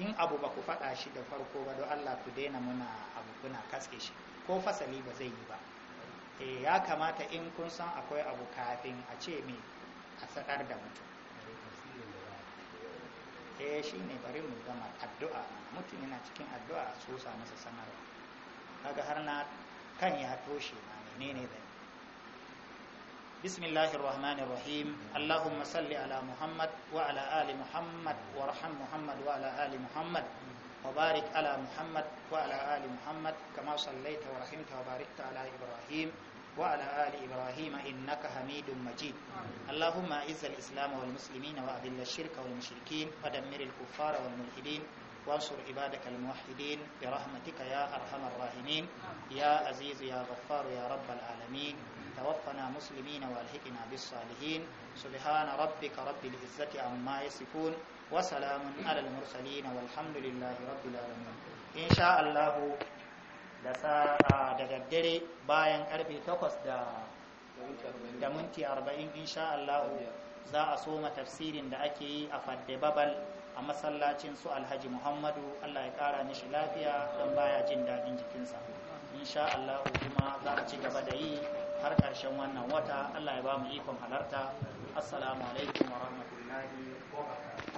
A: in abu ba ku faɗa shi da farko ba don Allah ku daina muna abu kuna katse shi ko fasali ba zai yi ba eh, ya kamata in kun san akwai abu kafin a ce mai a sakar da mutum E shi ne bari mu gama addu'a mutum yana cikin addu'a a sosa masa sanarwa kaga har na kan ya toshe ma menene zai بسم الله الرحمن الرحيم اللهم صل على محمد وعلى آل محمد وارحم محمد وعلى آل محمد وبارك على محمد وعلى آل محمد كما صليت ورحمت وباركت على إبراهيم وعلى آل إبراهيم إنك حميد مجيد اللهم أعز الإسلام والمسلمين وأذل الشرك والمشركين ودمر الكفار والملحدين وانصر عبادك الموحدين برحمتك يا أرحم الراحمين يا عزيز يا غفار يا رب العالمين توفنا مسلمين والحقنا بالصالحين سبحان ربك رب العزة عما يصفون وسلام على المرسلين والحمد لله رب العالمين إن شاء الله da daddare bayan karfe 8 da minti 40 insha Allah za a soma tafsirin da ake yi a fadde babal a masallacin su alhaji muhammadu Allah ya kara mishi lafiya don baya jin daɗin jikinsa insha Allah kuma za a ci gaba da yi har ƙarshen wannan wata Allah ya ba mu ikon halarta assalamu alaikum wa rahmatullahi wa barakatuh